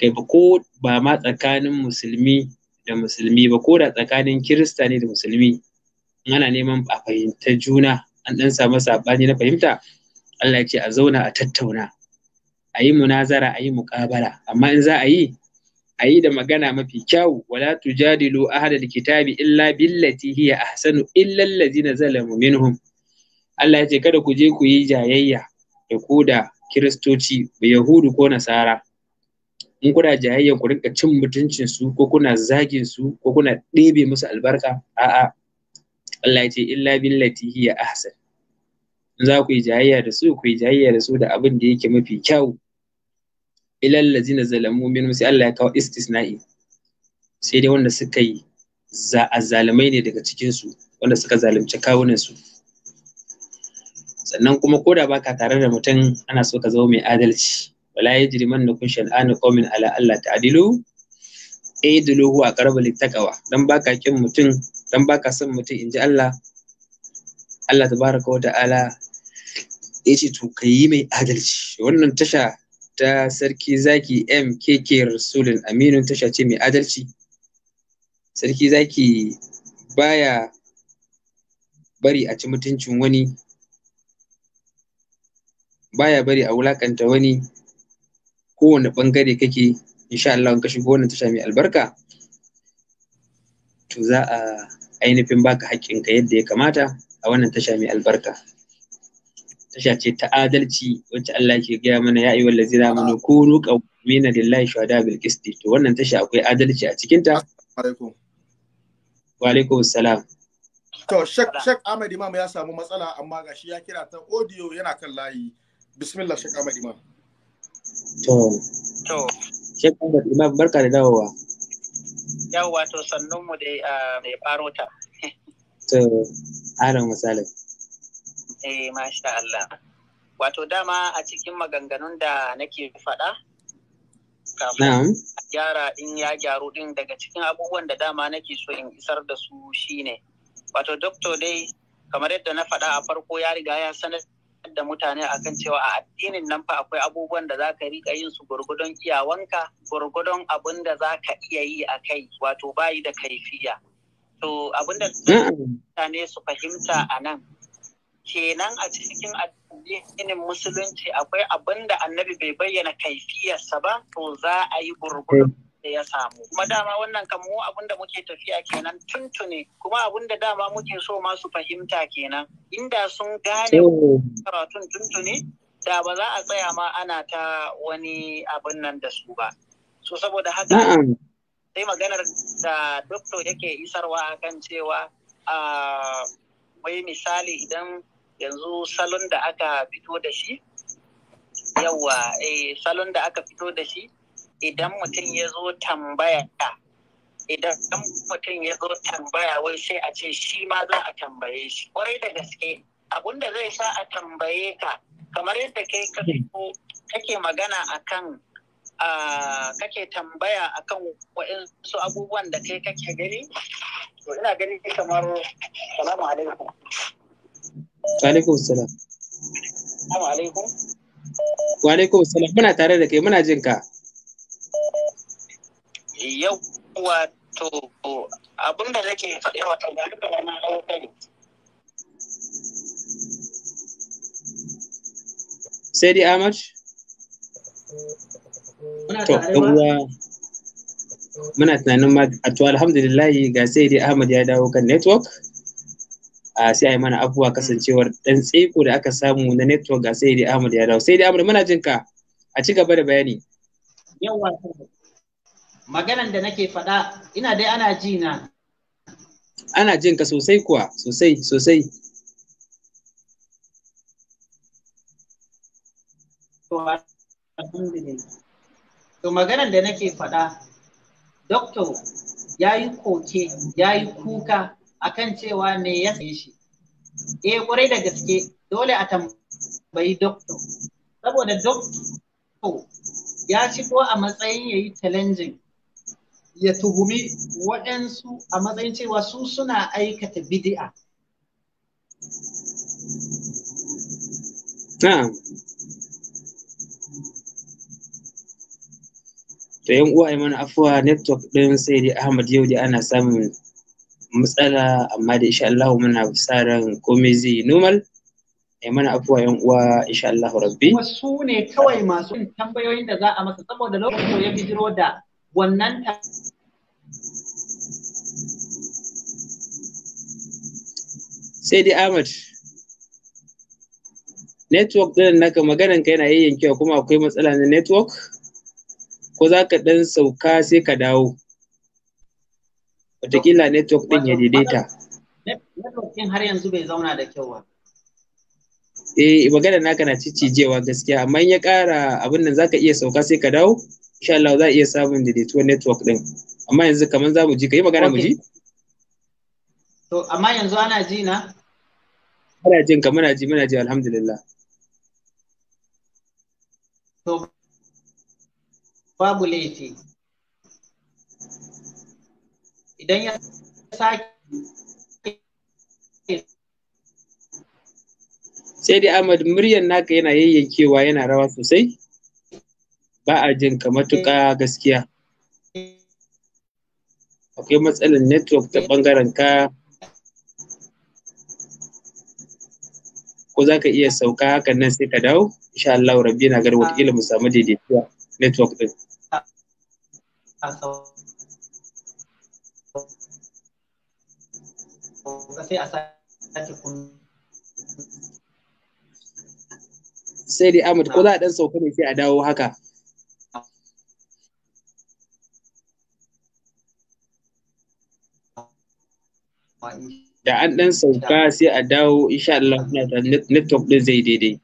kai ba ko ba ma tsakanin musulmi da musulmi ba ko da tsakanin kirista ne da musulmi ana neman a fahimta juna an dan samu sabani na fahimta Allah ya ce a zauna a tattauna a yi munazara a yi muƙabala amma in za a yi a yi da magana mafi kyau wala tujadilu ahadal kitabi illa billati hiya ahsanu illa allazina zalamu minhum Allah ya ce kada ku je ku yi jayayya da ku da kiristoci yahudu ko nasara in kuna jayayyan ku rinka cin mutuncin su ko kuna zagin su ko kuna ɗebe musu albarka a'a Allah ya ce illa billati hiya ahsan in za ku yi jayayya da su ku yi jayayya da su da abin da yake mafi kyau ila allazina zalamu min sai Allah ya kawo istisna'i sai dai wanda suka yi za azzalumai ne daga cikin su wanda suka zalunci kawunan su sannan kuma koda baka tare da mutum ana so ka zama mai adalci wala yajrimannakum shan'anu qaumin ala alla ta'dilu A huwa aqrabu littaqwa dan baka kin mutum ba ka son mutum ji Allah Allah tabaraka wa ta'ala ce to yi mai adalci wannan tasha ta sarki zaki mkk rasulun aminun tasha ce mai adalci sarki zaki baya bari a ci mutuncin wani baya bari a wulakanta wani kowane bangare kake insha Allah ka shigo wannan tasha mai albarka to za a ainihin baka haƙƙinka yadda ya kamata a wannan tasha mai albarka tasha ce ta adalci wacce Allah ke gaya mana ya ayyuhal ladzina amanu kunu qawmina lillahi shuhada bil qisti to wannan tasha akwai adalci a cikin ta alaikum wa alaikum salam to shek shek Ahmed Imam ya samu matsala amma gashi ya kira ta audio yana kan layi bismillah shek Ahmed Imam To. To. Shek Ahmad Imam barka da dawowa. Yawwa to sannun mu dai mai faro ta. To alan misali. Eh masha Allah. Wato dama a cikin maganganun da nake faɗa a gyara in ya gyaru din daga cikin abubuwan da dama nake so in isar da su shine. Wato doktor dai kamar yadda na faɗa a farko ya riga ya sanar da mutane akan cewa a addinin nan fa akwai abubuwan da za ka riƙa yin su gurgudon iyawanka gurgudon abin da za ka iya yi a kai wato bayi da kaifiya to abin da mutane su fahimta a nan kenan a cikin addinin musulunci akwai abin da annabi bai bayyana kaifiyarsa ba to za a yi gurgudon da ya samu kuma dama wannan kan abin da muke tafiya kenan tuntune kuma abin da dama muke so masu fahimta kenan inda sun gane karatun tuntune da ba za a tsaya ma ana ta wani abin nan da su ba so saboda haka sai maganar da doktor yake isarwa akan cewa wai misali idan yanzu salon da aka fito da shi yawa eh, salon da aka fito da shi idan mutum ya zo tambaya idan mutum ya zo tambaya wai sai a ce shi ma za a tambaye shi kwarai da gaske abinda zai sa a tambaye ka kamar yadda kai ka hmm. kake magana akan kake tambaya akan waɗansu abubuwan da kai kake gani to ina gani kamar salamu alaikum alaikum salam salamu alaikum wa alaikum salam muna tare da kai muna jin ka yau wato abin da nake faɗi wato ga duka wani ɓangare. Sai dai Ahmad? To, uwa muna tunanin ma a to alhamdulillah ga sai dai Ahmad ya dawo kan network. a sai a yi mana abubuwa kasancewar ɗan tsaiko da aka samu na network ga sai dai Ahmad ya dawo. Sai dai Ahmad muna jin ka a ci gaba da bayani. Yawa maganan da nake faɗa ina dai ana ji na ana jin ka sosai kuwa sosai sosai to maganan da nake faɗa doctor ya yi koke ya yi kuka akan cewa me ya shi eh kwarai da gaske dole a tambayi doctor saboda doctor ya shigo a matsayin ya yi challenging ya tuhumi waɗansu a matsayin cewa su suna aikata bidi'a. To yan uwa mana afuwa network ɗin sai dai Ahmad yau dai ana samun matsala amma da insha Allah muna sa ran komai zai yi normal. Ai mana afuwa yan uwa insha Allah rabbi. Wasu ne kawai masu tambayoyin da za a masa saboda lokacin da ya bijiro da wannan sai dai ahmad network ɗin naka maganan ka yana yayyankewa kuma akwai matsala na network ko za ka ɗan sauka sai ka dawo wataƙila network ɗin ya daidaita network ɗin har yanzu bai zauna da kyau ba eh maganar naka na ciccijewa gaskiya amma ya ƙara abin nan zaka iya sauka sai ka dawo insha Allah za a iya samun daidaituwar network din amma yanzu kaman za mu ji kai magana mu ji to amma yanzu ana ji na Kana jin ka muna ji muna ji alhamdulillah. To babu laifi. Idan ya sake sai dai Ahmad muryan naka yana yayyankewa yana rawa sosai ba a jin ka matuƙa gaskiya akwai matsalar network ta ɓangaren ka ko za ka iya sauka hakan nan sai ka dawo insha Allah rabbi na gari watakila mu samu daidaituwa network din sai dai Ahmad ko za a dan sauka ne sai a dawo haka Bye. da an dan sauka sai a dawo insha Allah da network din zai daidai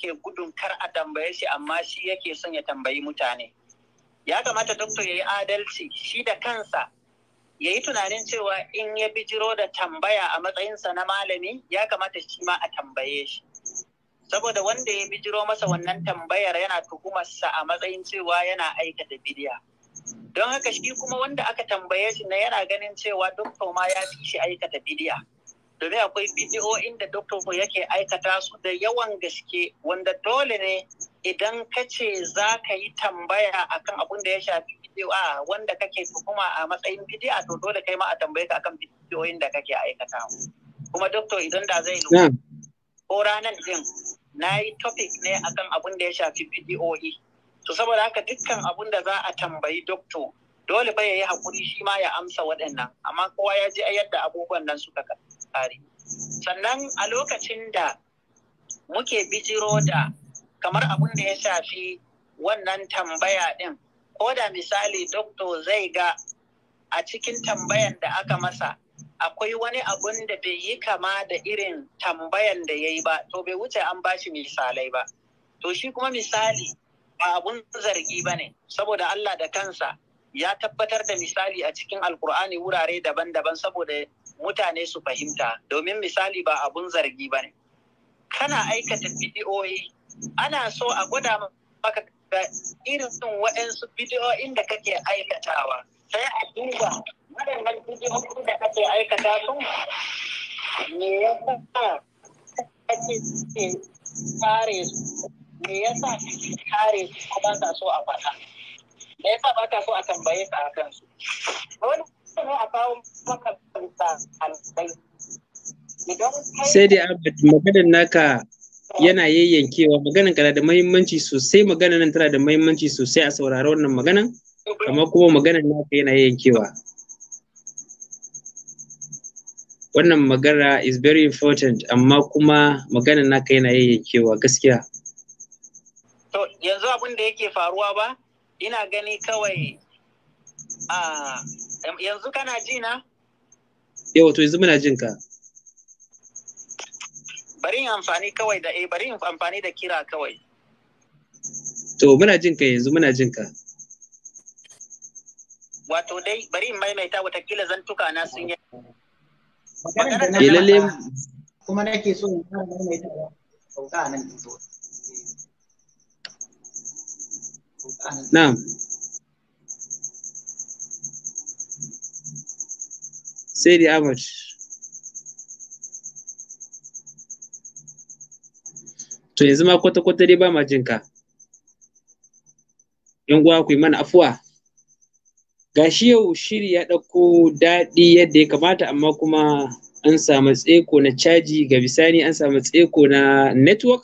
ke gudun kar a tambaye shi amma shi yake son ya tambayi mutane ya kamata doktor ya yi adalci shi da kansa ya yi tunanin cewa in ya bijiro da tambaya a matsayinsa na malami ya kamata shi ma a tambaye shi saboda wanda ya bijiro masa wannan tambayar yana tuhumarsa a matsayin cewa yana aikata bidiya don haka shi kuma wanda aka tambaye shi na yana ganin cewa doktor ma ya fi shi aikata bidiya domin akwai bidiyo inda doktor yake aikata su da yawan gaske wanda dole ne idan ka ce za ka yi tambaya akan abun da ya shafi bidiyo a wanda kake tuhuma a matsayin bidiya to dole kai ma a tambaye ka akan bidiyoyin da kake aikata kuma doktor idan da zai lura ko ranar din na yi topic ne akan abin da ya shafi bidiyoyi e. to saboda haka dukkan abin da za a tambayi doctor dole ba ya yi hakuri shi ma ya amsa waɗannan amma kowa ya ji yadda abubuwan nan suka kare sannan a lokacin da muke bijiro da kamar abin da ya shafi wannan tambaya ɗin ko da misali doctor zai ga a cikin tambayan da aka masa akwai wani abun da bai yi kama da irin tambayan da ya yi ba to bai wuce an bashi misalai ba to shi kuma misali ba abun zargi ba ne saboda Allah da kansa ya tabbatar da misali a cikin alkur'ani wurare daban-daban saboda mutane su fahimta domin misali ba abun zargi ba ne kana aikata bidiyoyi ana so a gwada maka irin waɗansu bidiyoyin da kake aikatawa sai a duba waɗannan bidiyoyin da kake aikata su me yasa kake kare su me yasa kake kare su kuma ka so a faɗa me ya sa ba ta so a tambaye ka akan su wani ne a kawo maka misalai sai dai Ahmad maganar naka yana yayyankewa maganar kana da mahimmanci sosai maganar nan tana da mahimmanci sosai a saurara wannan maganar amma kuma maganar naka yana yayyankewa. wannan magana is very important amma kuma magana naka yana yayyakewa gaskiya to yanzu abin da yake faruwa ba ina gani kawai a yanzu kana ji na Yau, to yanzu muna jin ka bari yin amfani kawai da eh bari yin amfani da kira kawai to muna jin ka yanzu muna jin ka wato dai bari in maimaita watakila zantuka na sun yi Eh, kuma nake so in fara mai sauka nan to na'am sai da to yanzu ma kwata-kwata dai ba ma jinka yan uwa ku yi mana afuwa gashi yau shiri ya ɗauko daɗi yadda ya kamata amma kuma an samu tseko na caji ga bisani an samu tseko na network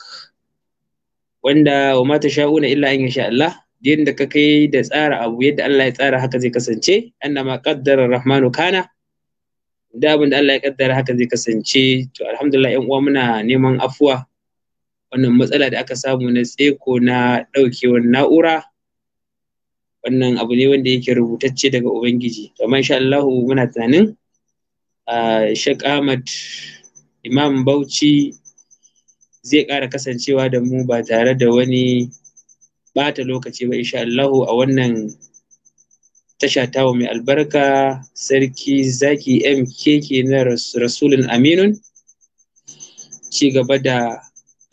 wanda wa mata sha'una illa an sha Allah yadda ka kai da tsara abu yadda Allah ya tsara haka zai kasance anna ma qaddara rahmanu kana da abin da Allah ya kaddara haka zai kasance to alhamdulillah yan uwa muna neman afuwa wannan matsala da aka samu na tseko na ɗaukewar na'ura wannan abu ne wanda yake rubutacce daga ubangiji amma insha Allah muna tunanin Sheikh Ahmad Imam Bauchi zai ƙara kasancewa da mu ba tare da wani bata lokaci ba insha Allah a wannan tasha tawa mai albarka sarki zaki mk na rasulun aminun ci gaba da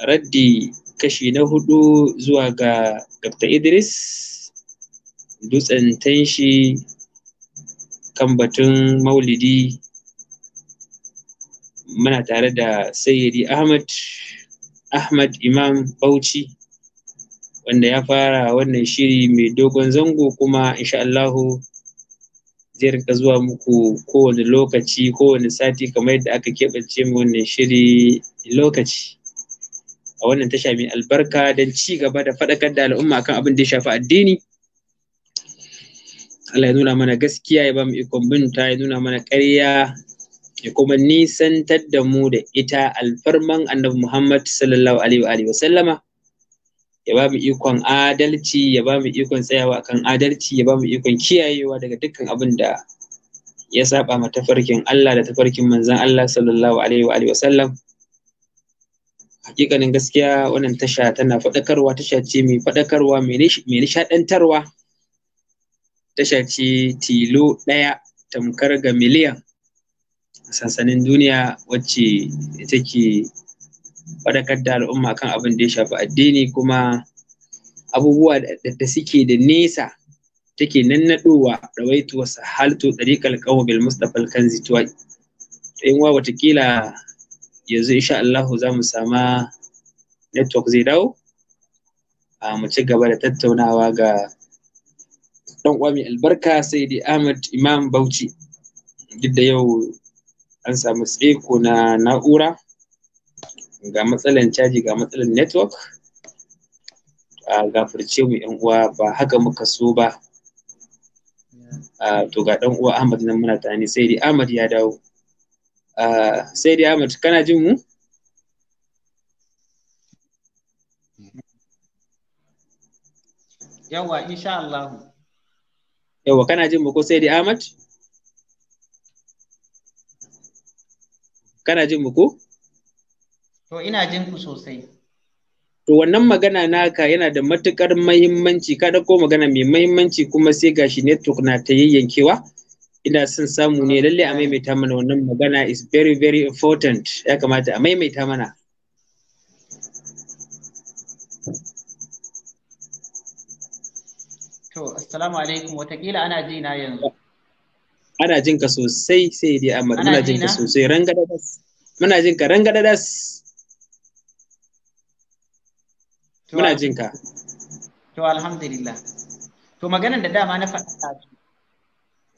raddi kashi na hudu zuwa ga dr idris dutsen tanshi kan batun maulidi muna tare da sayyidi ahmad ahmad imam bauchi wanda ya fara wannan shiri mai dogon zango kuma insha Allahu zai rinka zuwa muku kowane lokaci kowane sati kamar yadda aka keɓance mu wannan shiri lokaci a wannan tasha mai albarka don ci gaba da faɗakar da al'umma kan abin da ya shafi addini Allah ya nuna mana gaskiya ya ba mu ikon binta ya nuna mana ƙarya ya kuma nisantar da mu da ita alfarman annabi Muhammad sallallahu alaihi wa sallama ya bamu mu ikon adalci ya bamu mu ikon tsayawa kan adalci ya bamu mu ikon kiyayewa daga dukkan abin da ya saba ma tafarkin Allah da tafarkin manzon Allah sallallahu alaihi wa sallam hakikanin gaskiya wannan tasha tana faɗakarwa tasha ce mai faɗakarwa mai nishaɗantarwa tasha ce tilo ɗaya tamkar ga miliyan a sansanin duniya wacce take faɗakar da al'umma kan abin da ya shafi addini kuma abubuwa da suke da nesa take nannaɗowa rawaitu wasu haltu ɗariƙar ƙawabin mustapha kanzi tuwai yin wa watakila yanzu insha Allah za mu sama network zai dawo a mu ci gaba da tattaunawa ga dan uwa mai albarka sai dai Ahmad Imam Bauchi duk da yau an samu tseko na na'ura ga matsalan caji ga matsalan network a gafirce mu yan uwa ba haka muka so ba to ga dan uwa Ahmad nan muna tani sai dai Ahmad ya dawo sai dai Ahmad kana jin mu yawa insha Allah yawa kana jin mu ko sai da Ahmad kana jin mu ko to ina jin ku sosai to wannan magana naka yana da matukar mahimmanci ka ko magana mai mahimmanci kuma sai gashi network na ta yayyankewa ina son samu ne lalle a maimaita mana wannan magana is very very important ya kamata a maimaita mana Assalamu alaikum watakila ana ji na yanzu. Ana jin ka sosai sai dai Ahmad muna jin ka sosai rangadadas. Muna jin ka rangadadas. Muna jin ka. To alhamdulillah. To maganar da dama na faɗa ta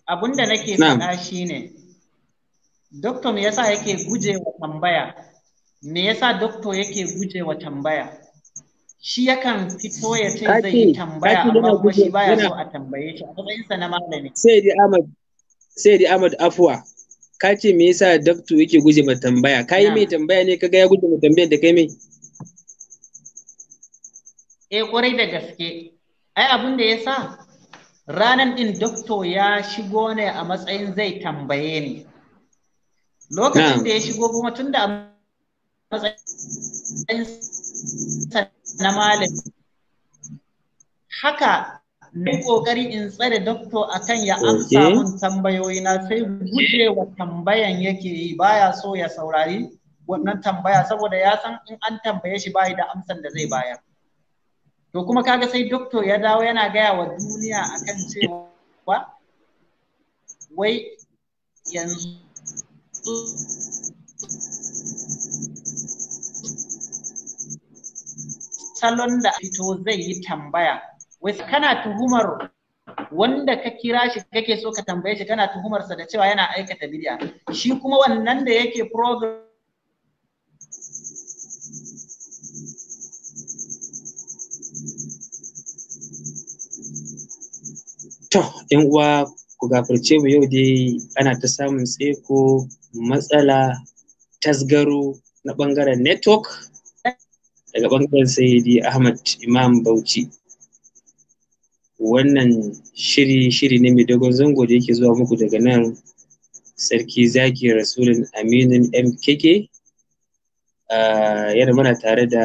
abun da nake faɗa shine Doktor me yasa yake guje wa tambaya? Me yasa doktor yake guje wa tambaya? shi yakan fito ya ce zai yi tambaya amma kuma shi baya so a tambaye shi a matsayinsa na malami sai dai Ahmad sai dai Ahmad afwa ka ce me yasa daktu yake guje ma tambaya ka yi mai tambaya ne kaga ya guje ma tambayar da kai mai eh kwarai da gaske ai abin da yasa ranan din dokto ya shigo ne a matsayin zai tambaye ni lokacin da ya shigo kuma tun da a matsayin na malam haka na kokari in tsare doktor akan ya amsa mun tambayoyi na sai gujewa tambayan yake yi baya so ya saurari wannan tambaya saboda ya san in an tambaye shi bayi da amsan da zai bayar to kuma kaga sai doktor ya dawo yana gaya wa duniya akan cewa wai yanzu salon da fito zai yi tambaya wasu kana tuhumar wanda ka kira shi kake so ka tambaye shi kana tuhumarsa da cewa yana aikata bid'a shi kuma wannan da yake program To, ‘yan uwa ku gafarce mu yau dai ana ta samun tseko matsala tasgaro na ɓangaren network daga bangaren sayyidi ahmad imam bauchi wannan shiri shiri ne mai dogon zango da yake zuwa muku daga nan sarki zaki rasulun aminin mkk ah, yana mana tare da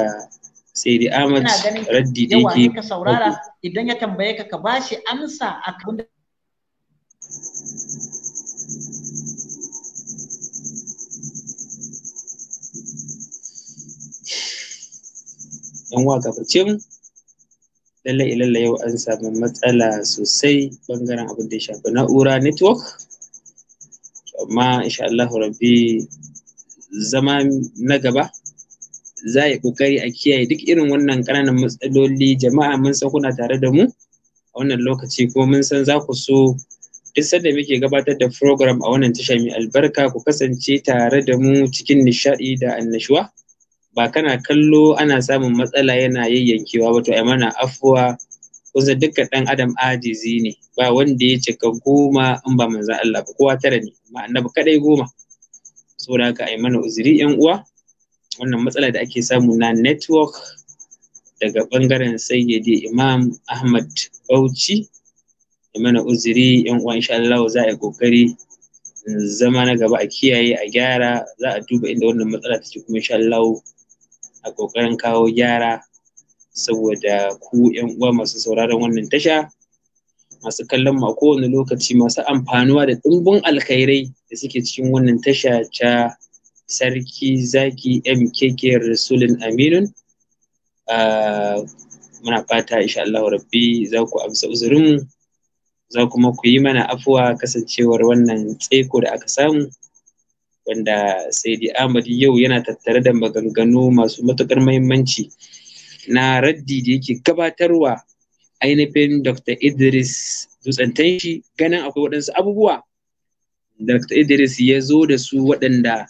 sayyidi ahmad raddi da yake idan ya tambaye ka ka bashi amsa a kan yan wa gabacin lalle ilalla yau an samu matsala sosai bangaren abin da ya shafi na'ura network amma insha Allah rabbi zama na gaba za a kokari a kiyaye duk irin wannan ƙananan matsaloli jama'a mun san kuna tare da mu a wannan lokaci ko mun san za ku so duk sanda muke gabatar da program a wannan tashar mai albarka ku kasance tare da mu cikin nishaɗi da annashuwa ba kana kallo ana samun matsala yana yayyankewa ba to ai mana afuwa kusa dukkan ɗan adam ajizi ne ba wanda ya cika goma in ba manzan Allah ba kowa tara ne amma annabi kadai goma saboda haka ai mana uzuri yan uwa wannan matsala da ake samu na network daga bangaren sayyidi imam ahmad bauchi ai mana uzuri yan uwa insha Allah za a kokari zama na gaba a kiyaye a gyara za a duba inda wannan matsala take kuma insha Allah a ƙoƙarin kawo gyara saboda ku yan uwa masu sauraron wannan tasha masu kallon mu a kowane lokaci masu amfanuwa da ɗumbin alkhairai da suke cikin wannan tasha ta sarki zaki mkk rasulun aminun ah, muna fata insha Allah rabbi za ku amsa uzurin za kuma ku yi mana afuwa kasancewar wannan tseko da aka samu wanda Saidi Ahmad yau yana tattare da maganganu masu matuƙar mahimmanci na raddi da yake gabatarwa ainihin Dr. Idris dutsantan shi ganin akwai waɗansu abubuwa Dr. Idris ya zo da su waɗanda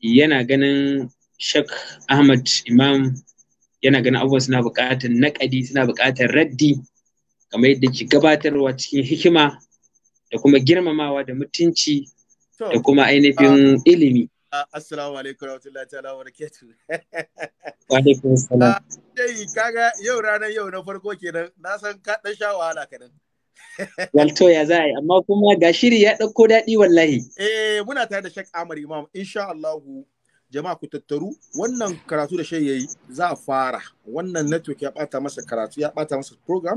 yana ganin Sheikh Ahmad Imam yana ganin abubuwan suna buƙatar naƙadi suna buƙatar raddi kamar yadda ke gabatarwa cikin hikima da kuma girmamawa da mutunci da kuma ainihin um, ilimi. Assalamu alaikum warahmatullahi ta'ala wa barakatuh. Wa alaikum salam. [laughs] Ah, dai kaga yau ranar yau na farko kenan na san ka dan sha wahala kadan. [laughs] Walto ya za a yi amma kuma ga shiri ya ɗauko daɗi wallahi. Eh muna tare da Sheikh Amar Imam insha Allah jama'a ku tattaru wannan karatu da shai yayi za a fara wannan network ya ɓata masa karatu ya ɓata masa program.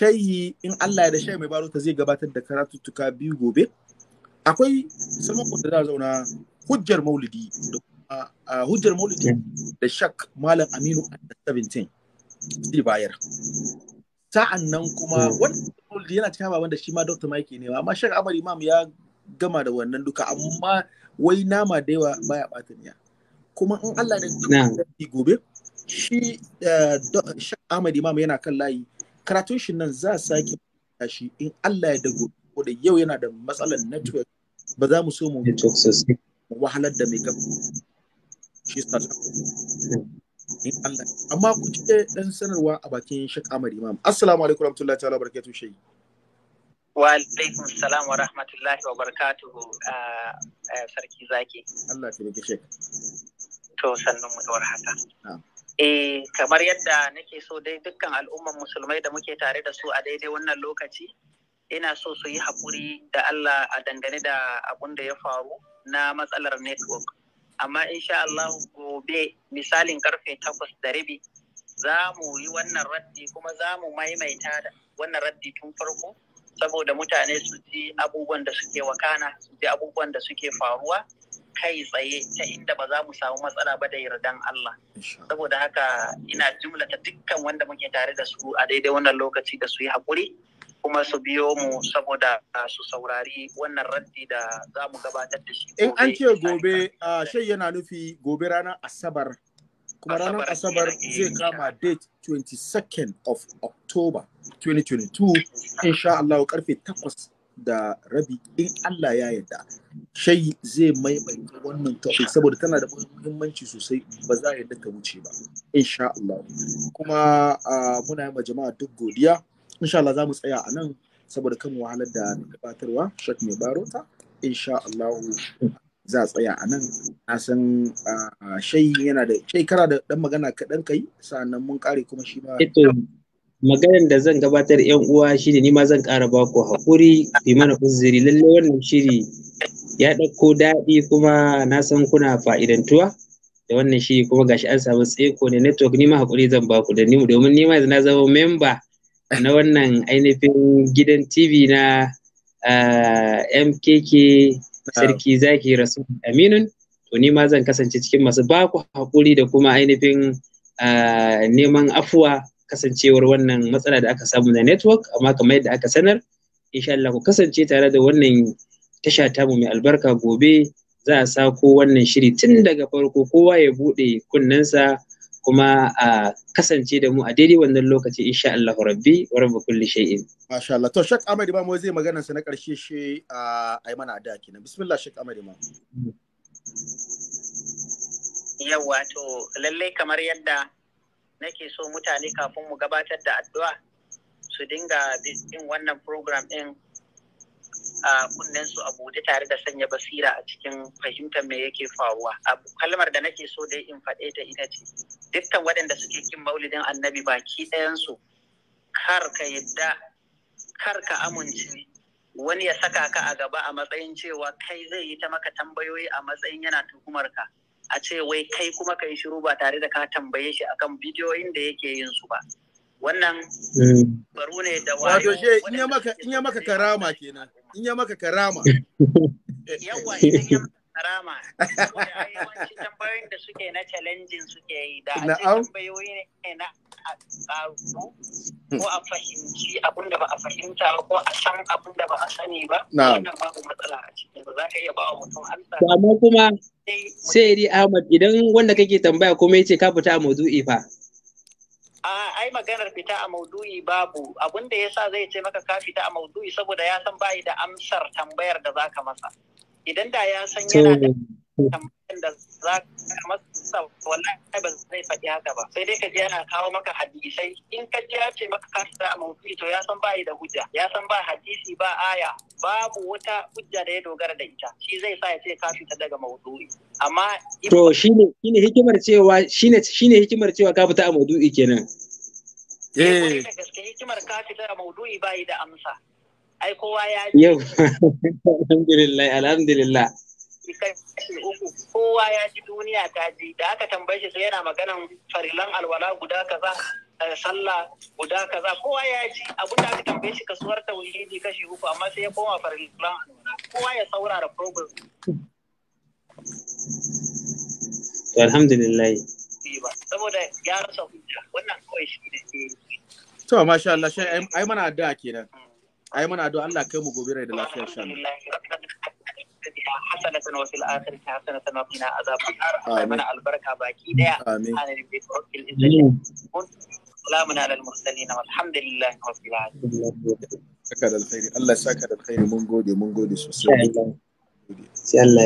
yi in Allah ya da shai mai baro ta zai gabatar da tuka biyu gobe. akwai sama da zauna hujjar maulidi da hujjar maulidi da shak malam aminu a 17 zai bayar sa'an nan kuma hmm. wannan maulidi yana cikin wanda da shi ma dr mike ne amma shak amari imam ya gama da wannan duka amma wai nama da yawa baya bata niya kuma in allah da gobe shi eh, shak amari imam yana kan layi karatun shi nan za a sake shi in allah ya dago da yau yana da matsalar network ba za mu so mu wahalar da mai gaba shi amma ku ce dan sanarwa a bakin Sheikh Ahmad Imam assalamu alaikum warahmatullahi ta'ala barakatuh shayi. wa alaikum salam wa rahmatullahi wa barakatuhu ah, ah, sarki zaki Allah ya tabbata Sheikh to sannan mu da haka eh kamar yadda nake so dai dukkan al'umman musulmai da muke tare da su a daidai wannan lokaci ina so su yi haƙuri da Allah a dangane da abun da ya faru na matsalar network. Amma insha Allah gobe misalin karfe takwas da rabi za mu yi wannan raddi kuma za mu maimaita wannan raddi tun farko saboda mutane su ji abubuwan da suke wakana su ji abubuwan da suke faruwa kai tsaye ta inda ba za mu samu matsala ba da yardan Allah. Saboda haka ina jumlata dukkan wanda muke tare da su a daidai wannan lokaci da su yi haƙuri. kuma su biyo mu saboda su saurari wannan raddi da za mu gabatar da shi. In an ce gobe shai yana nufi gobe ranar Asabar kuma ranar Asabar zai kama date 22nd of October 2022 insha Allah karfe 8 da rabi in Allah ya yarda shai zai maimaita wannan topic saboda tana da muhimmanci sosai ba za a yarda ta wuce ba insha Allah kuma muna yi ma jama'a duk godiya insha za mu tsaya a nan saboda kan wahalar da gabatarwa shak mai barota insha Allah za a tsaya a nan na san ah, shai yana da shekara da dan magana kaɗan kai sa'annan mun kare kuma shi ba maganar da zan gabatar yan uwa shine ni ma zan ƙara ba ku haƙuri bi mana uzuri lallai wannan shiri ya ɗauko daɗi kuma na san kuna fa'idantuwa da wannan shiri kuma gashi an samu tseko ne network ni ma hakuri zan ba ku da ni domin ni ma na zama memba na wannan ainihin gidan TV na eh, MKK Sarki Zaki rasu Aminun. To ni ma zan kasance cikin masu baku hakuri da kuma ainihin eh, neman afuwa kasancewar wannan matsala da aka samu na network amma kamar yadda aka sanar sha Allah ku kasance tare da wannan tasha tamu mai albarka gobe za a sako wannan shiri tun daga farko kowa ya buɗe kunnensa kuma a kasance da mu a daidai wannan lokaci insha Allah rabbi wa rabbi kulli shay'in masha Allah to Sheikh ba Imam zai magana sa na karshe shi a ai mana kenan bismillah Sheikh amadi ma. yawa to lalle kamar yadda nake so mutane kafin mu gabatar da addu'a su dinga bin wannan program din a kunnen su a bude tare da sanya basira a cikin fahimtar me yake faruwa kalmar da nake so dai in faɗe ta ita ce dukkan waɗanda suke kin maulidin annabi baki ɗayansu kar ka yadda kar ka amince wani ya saka ka a gaba a matsayin cewa kai zai yi ta maka tambayoyi a matsayin yana tuhumar ka a ce wai kai kuma ka yi shiru ba tare da ka tambaye shi akan bidiyoyin da yake yin su ba wannan eh. baro ne da wayo wato she in ya maka in ya maka karama kenan in ya maka karama [laughs] yawa in ya maka karama yawanci tambayoyin da suke na challenging suke yi da a bayoyi ne na a tsaro ko a fahimci abin da ba a fahimta ba ko a san abin da ba a sani ba wannan ba matsala a cikin ba za ka iya ba wa mutum amsa amma kuma sai Ahmad idan wanda kake tambaya kuma yace ka fita a maudu'i fa ai maganar fita a maudu'i babu abin da yasa zai ce maka ka fita a maudu'i saboda ya san bai da amsar tambayar da zaka masa idan da ya san yana da tambayar da zaka masa sa wallahi ban zai faɗi haka ba sai dai ka ji yana kawo maka hadisai in ka ji ya ce maka ka sa maudu'i to ya san ba da hujja ya san ba hadisi ba aya babu wata hujja da ya dogara da ita shi zai sa ya ce ka fita daga maudu'i amma to shine shine hikimar cewa shine shine hikimar cewa ka fita a maudu'i kenan eh, eh. gaske hikimar ka fita a maudu'i bai da amsa ai kowa ya yau [laughs] alhamdulillah alhamdulillah kashi uku kowa ya ji duniya ta ji da aka tambaye shi sai yana maganan farilan alwala guda kaza eh, sallah guda kaza kowa ya ji abu da aka tambaye shi kasuwar tauhidi kashi uku amma sai ya koma farilan kowa ya saurara program to alhamdulillah saboda ya rasa hujja wannan kawai shi ne to masha Allah shi ai mana addu'a kenan ai mana addu'a Allah kai mu gobe rai da lafiyar sha Allah dunya hasanatan wa fil akhirati hasanatan wa qina azaban nar albarka baki daya amin anan bi tawfil izzati salamun ala Allah da mun mun sosai